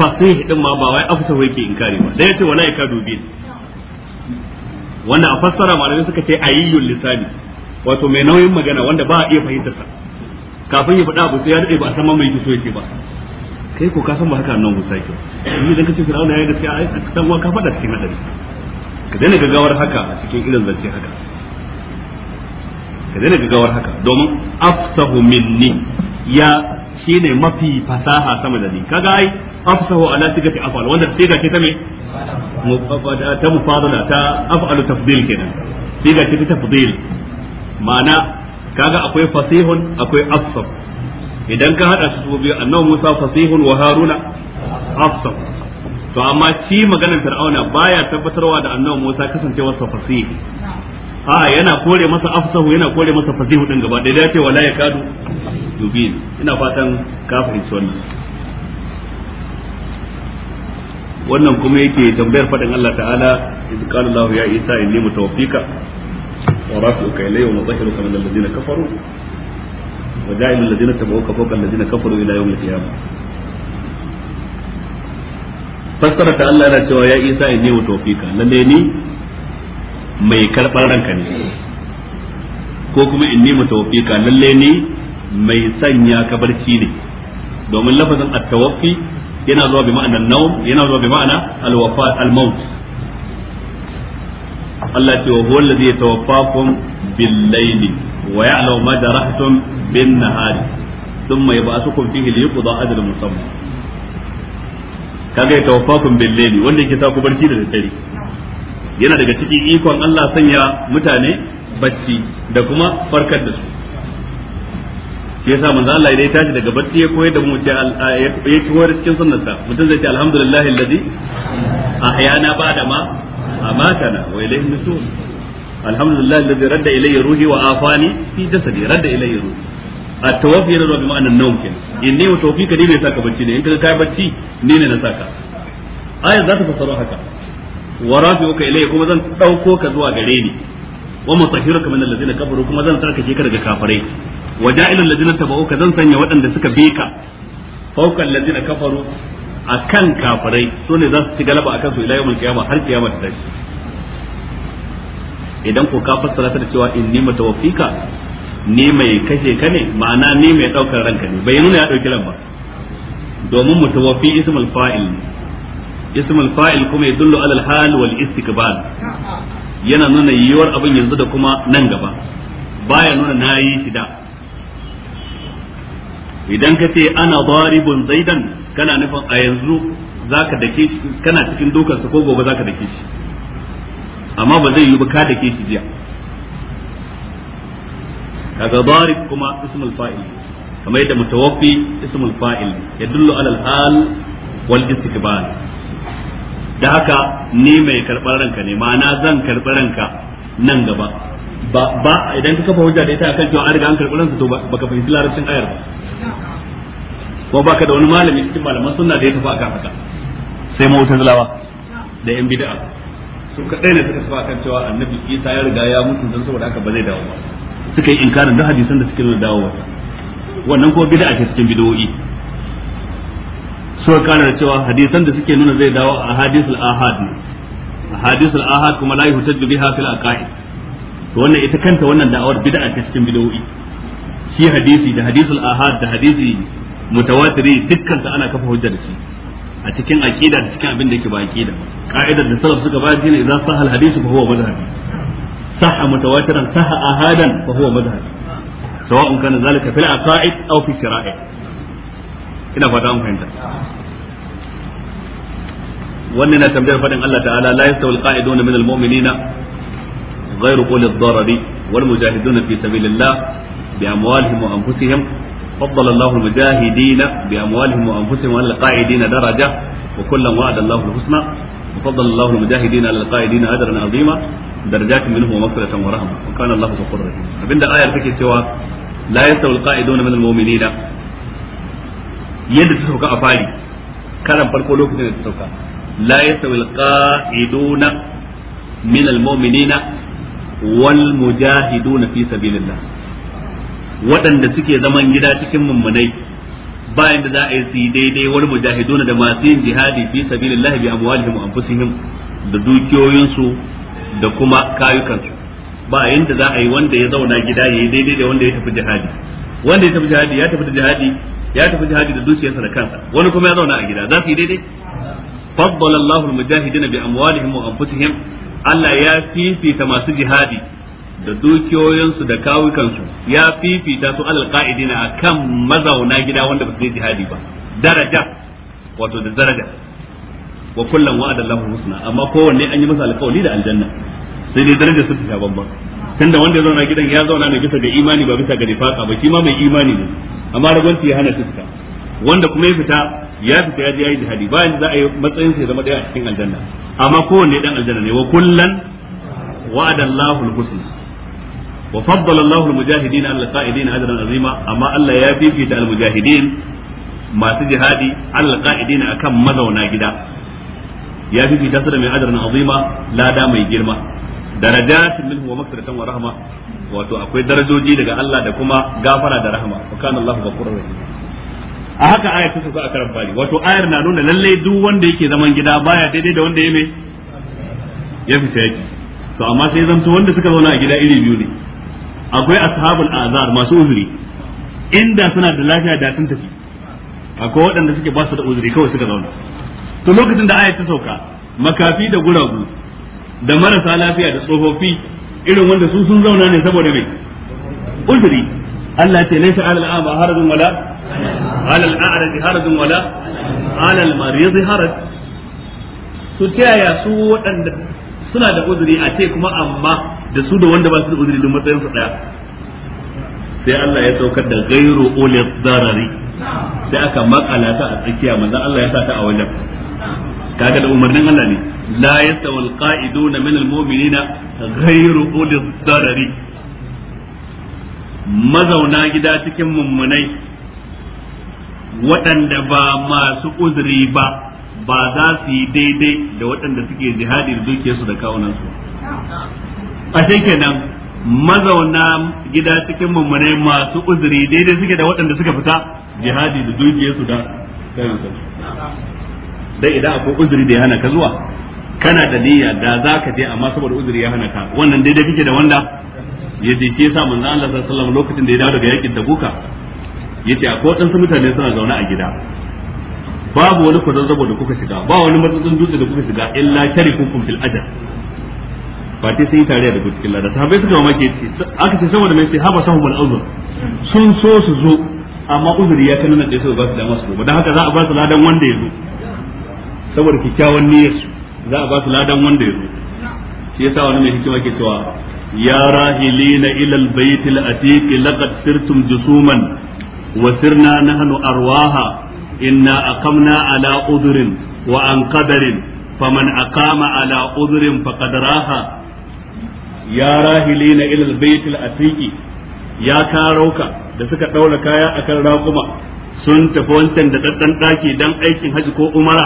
fasih din ma ba wai afsahu yake inkari ba da yace wala ka dubi wannan a fassara malamai suka ce ayyul lisani wato mai nauyin magana wanda ba a iya fahimtar sa kafin ya faɗa abu sai ya dade ba a san mai so yake ba kai ko ka san ba haka annabi Musa yake ni dan kace Fir'auna da sai ai dan uwa ka faɗa cikin hadari ka daina gaggawar haka a cikin irin zance haka ka daina gaggawar haka domin afsahu minni ya shine mafi fasaha sama da ni kaga ai afsahu ala tigati afal wanda siga ce ta me ta mufadala ta afalu tafdil kenan siga ce ta tafdil ma'ana kaga akwai fasihun akwai afsam idan ka hada su biyu annabi Musa fasihun wa Haruna afsam to amma shi maganar Fir'auna baya tabbatarwa da annabi Musa kasancewar sa fasih a yana kore masa afsahu yana kore masa fasihu din gaba da ya ce wala ya kadu dubin ina fatan ka fahimci wannan wannan kuma yake tambayar fadin Allah ta'ala idza qala Allah ya Isa inni mutawaffika ورافعك إليه ومطهرك من الذين كفروا وجعل الذين اتبعوك فوق الذين كفروا إلى يوم القيامة ta Allah ya isa in ne wa tofika lallai ni mai karɓar ranka ne ko kuma in ne mutawafika lalle ni mai sanya ka barci ne domin lafazin at yana yana zuwa bi ma'ana al Allah ce wa huwa allazi yatawaffakum bil layli wa ya'lamu ma jarahtum bin nahari thumma yab'athukum fihi liyqda ajalan musamma kaga yatawaffakum bil layli wanda yake sa ku barci da dare yana daga cikin ikon Allah sanya mutane bacci da kuma farkar da su shi yasa manzo Allah idan ya tashi daga bacci ya koyar da mu ce ya koyar cikin sunnarsa mutum zai ce alhamdulillah alladhi ahyana ba'da ma amatana wa ilayhi nusur alhamdulillah alladhi radda ilayya ruhi wa ka zan dauko ka daga tabauka zan sanya suka bi ka akan kafirai su ne za su ci galaba akan su ila yawmul har kiyama ta tashi idan ko ka fassara ta da cewa inni matawaffika ni mai kashe ka ne ma'ana ni mai daukar ranka ne bai nuna ya dauki ran ba domin mutawaffi ismul fa'il ismul fa'il kuma ya ala al-hal wal yana nuna yiwuwar abin yanzu da kuma nan gaba baya nuna nayi da. idan ka ce ana daribun zaidan kana nufin a yanzu za ka dake shi kana cikin dukan ko gobe za ka dake shi amma ba zai yi ba ka dake shi jiya kaga darib kuma ismul fa'il kamar yadda mutawaffi ismul fa'il yadullu alal hal wal istiqbal da haka ni mai karɓar ranka ne ma'ana zan karɓar ranka nan gaba ba idan ka kafa hujja da ita akan cewa an riga an karɓi ransa to baka fahimci larabcin ayar ba ko baka da wani malami cikin malaman sunna da ya tafi akan haka sai mu'tazilawa da yan bid'a su kadai ne suka tafi akan cewa annabi Isa ya riga ya mutu dan saboda haka ba zai dawo ba suka yi inkarin da hadisan da suke nuna dawo wannan ko bid'a ce cikin bid'o'i suka kana da cewa hadisan da suke nuna zai dawo a hadisul ahad ne hadisul ahad kuma la yuhtaju biha fil aqaid to wannan ita kanta wannan da'awar bid'a ce cikin bid'o'i shi hadisi da hadisul ahad da hadisi mutawatiri dukkan sa ana kafa hujja da shi a cikin aqida da cikin abin da yake ba aqida ka'idar da salaf suka bayar shine idan sahal hadisu fa huwa madhhabi sahha mutawatiran sahha ahadan fa huwa madhhabi sawa'un kana zalika fil aqaid aw fi shara'i ina fata an fahimta wannan na tambayar fadin Allah ta'ala la yastawil qa'iduna minal mu'minina غير قول الضرر والمجاهدون في سبيل الله بأموالهم وأنفسهم فضل الله المجاهدين بأموالهم وأنفسهم على القاعدين درجة وكلا وعد الله الحسنى وفضل الله المجاهدين على القاعدين أجرا عظيما درجات منه ومغفرة ورحمة وكان الله غفورا رحيما abinda ayar take cewa la yastawi alqa'iduna min almu'minina yadda ta sauka a fari karan farko lokacin da ta sauka la yastawi alqa'iduna min almu'minina wal mujahiduna fi sabilillah waɗanda suke zaman gida cikin mummunai bayan da za a yi su daidai wani mujahiduna da masu yin jihadi fi sabilillah bi amwalihim wa anfusihim da dukiyoyinsu da kuma kayukansu ba yanda za a yi wanda ya zauna gida yayi daidai da wanda ya tafi jihadi wanda ya tafi jihadi ya tafi da jihadi ya tafi jihadi da dukiyarsa da kansa wani kuma ya zauna a gida za su yi daidai faddala Allahu al-mujahidina bi amwalihim wa anfusihim Allah ya fifita masu jihadi da dukiyoyinsu da kawukansu ya fifita su alal qa'idina akan mazauna gida wanda ba su yi jihadi ba daraja wato da daraja wa kullum wa adallahu husna amma kowanne an yi masa alƙawari da aljanna sai dai darajar su ta bamban tunda wanda ya zauna gidan ya zauna ne bisa da imani ba bisa ga nifaka ba shi ma mai imani ne amma ragwanci ya hana fuska wanda kuma ya fita ya fita ya je yayi jihadi bayan za a yi matsayin sa ya zama daya a cikin aljanna amma kowanne dan aljanna ne wa kullan wa adallahu husna wa faddala Allahu al-mujahidin ala al-qa'idin amma Allah ya fifita al masu jihadi ala akan mazauna gida ya fifita su da mai ajran azima lada mai girma darajatin minhu wa maghfiratan wa rahma wato akwai darajoji daga Allah da kuma gafara da rahma a haka aya ta sauka a karan wato ayar na nuna lallai duk wanda yake zaman gida baya daidai da wanda ya mai ya fita yaki to amma sai zanto wanda suka zauna a gida iri biyu ne akwai ashabul azar masu uzuri inda suna da lafiya da sun tafi akwai waɗanda suke ba su da uzuri kawai suka zauna to lokacin da ayat ta sauka makafi da guragu da marasa lafiya da tsofaffi irin wanda su sun zauna ne saboda mai uzuri Allah ce laysa alal a'ma harajun wala alal a'raj harajun wala alal marid haraj to ta yaya su waɗanda suna da uzuri a ce kuma amma da su da wanda ba su da uzuri duk matsayin su daya sai Allah ya saukar da gairu ulil darari sai aka makala ta a tsakiya manzo Allah ya sa ta a wajen kaga da umarnin Allah ne la yastawil qa'iduna min almu'minina ghayru ulil darari mazauna gida cikin mummunai waɗanda ba masu uzuri ba ba za su yi daidai da waɗanda suke jihadi da dukiyarsu da kawunansu a kenan mazauna gida cikin mummune masu uzuri daidai suke da waɗanda suka fita jihadi da su da kayan dai idan akwai uzuri da ya hana ka zuwa kana da niyya da za ka je amma saboda uzuri ya hana ka wannan daidai kake da wanda ya je ke sa manzo Allah sallallahu alaihi lokacin da ya dawo daga yakin Tabuka yace akwai wadansu mutane suna zaune a gida babu wani kwazazzabo da kuka shiga ba wani matsatsin dutse da kuka shiga illa sharikukum fil ajr ba sai sun yi tarayya da cikin lada sahabbai suka mamaki aka ce saboda mai sai haba sahu bal uzur sun so su zo amma uzuri ya kana da su ba su dama su ba haka za a ba su ladan wanda ya zo saboda kikkiawan niyyar su za a ba su ladan wanda ya zo shi yasa wani mai hikima ke cewa ya rahilina ila albayt alatiq laqad sirtum jusuman wa sirna nahnu arwaha inna aqamna ala udrin wa an qadarin faman aqama ala udrin faqad raha ya rahilina ila albayt alatiqi ya karauka da suka daura kaya akan raƙuma sun tafi wancan da daddan daki dan aikin haji ko umara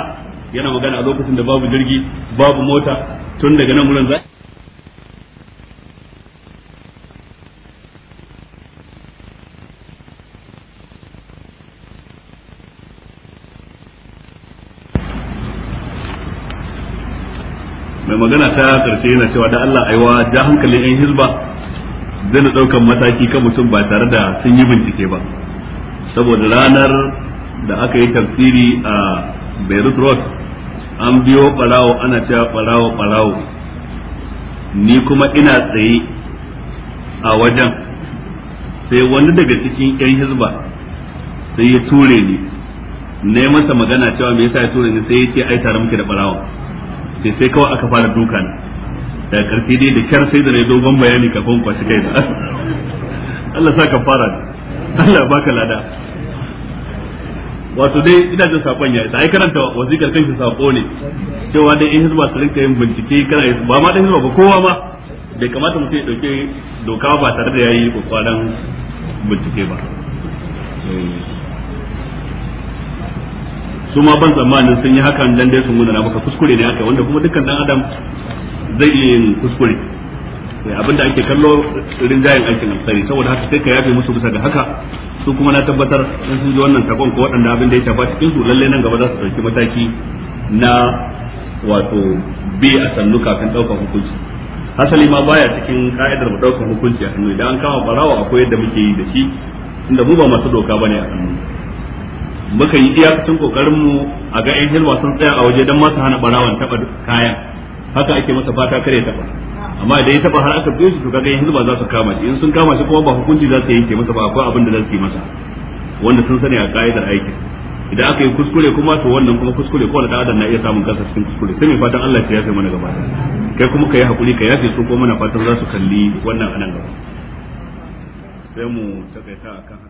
yana magana a lokacin da babu jirgi babu mota tun daga nan wurin zai. magana ta karshe yana cewa da Allah aiwa ja hankalin yan hizba zai daukan mataki kan mutum ba tare da sun yi bincike ba saboda ranar da aka yi tafsiri a Beirut Road an biyo barawo ana cewa barawo barawo ni kuma ina tsaye a wajen sai wani daga cikin yan hizba sai ya ture ni ne masa magana cewa me yasa ya ture ni sai ya ce ai tare muke da barawo sai sai kawai aka fara duka ne da karfi dai da kyar sai da rai dogon bayani kafin kwashi kai da Allah sa ka fara Allah baka lada wato dai ina jin sakon ya da ai karanta wazikar kanshi sako ne cewa dai in hizba su rinka yin bincike kana ba ma da hizba ba kowa ma bai kamata mutum ya dauke doka ba tare da yayi kokarin bincike ba eh. su ma ban tsammanin sun yi hakan dan dai sun munana maka kuskure ne aka wanda kuma dukkan dan adam zai iya yin kuskure eh, abinda ake kallo rinjayen aikin alkhairi saboda haka sai ka yafe musu bisa ga haka su kuma na tabbatar in sun ji wannan sakon ko waɗanda abin da ya shafa cikin su lalle nan gaba za su ɗauki mataki na wato bi a sannu kafin ɗaukar hukunci hasali ma baya cikin ka'idar mu ɗaukar hukunci a hannu idan an kama barawa akwai yadda muke yi da shi inda mu ba masu doka bane a hannu muka yi iyakacin kokarin mu a ga ɗan hilwa sun tsaya a waje dan masu hana barawan taba kayan haka ake masa fata kare taba amma idan ya taba har aka biyo su to kaga yan hilwa za su kama shi in sun kama shi kuma ba hukunci za su yanke masa ba akwai abin da za su yi masa wanda sun sani a ka'idar aikin idan aka yi kuskure kuma to wannan kuma kuskure ko da adam na iya samun kansa cikin kuskure sai mai fatan Allah ya yafe mana gaba kai kuma kai hakuri ka yafe su ko mana fatan za su kalli wannan anan gaba sai mu takaita akan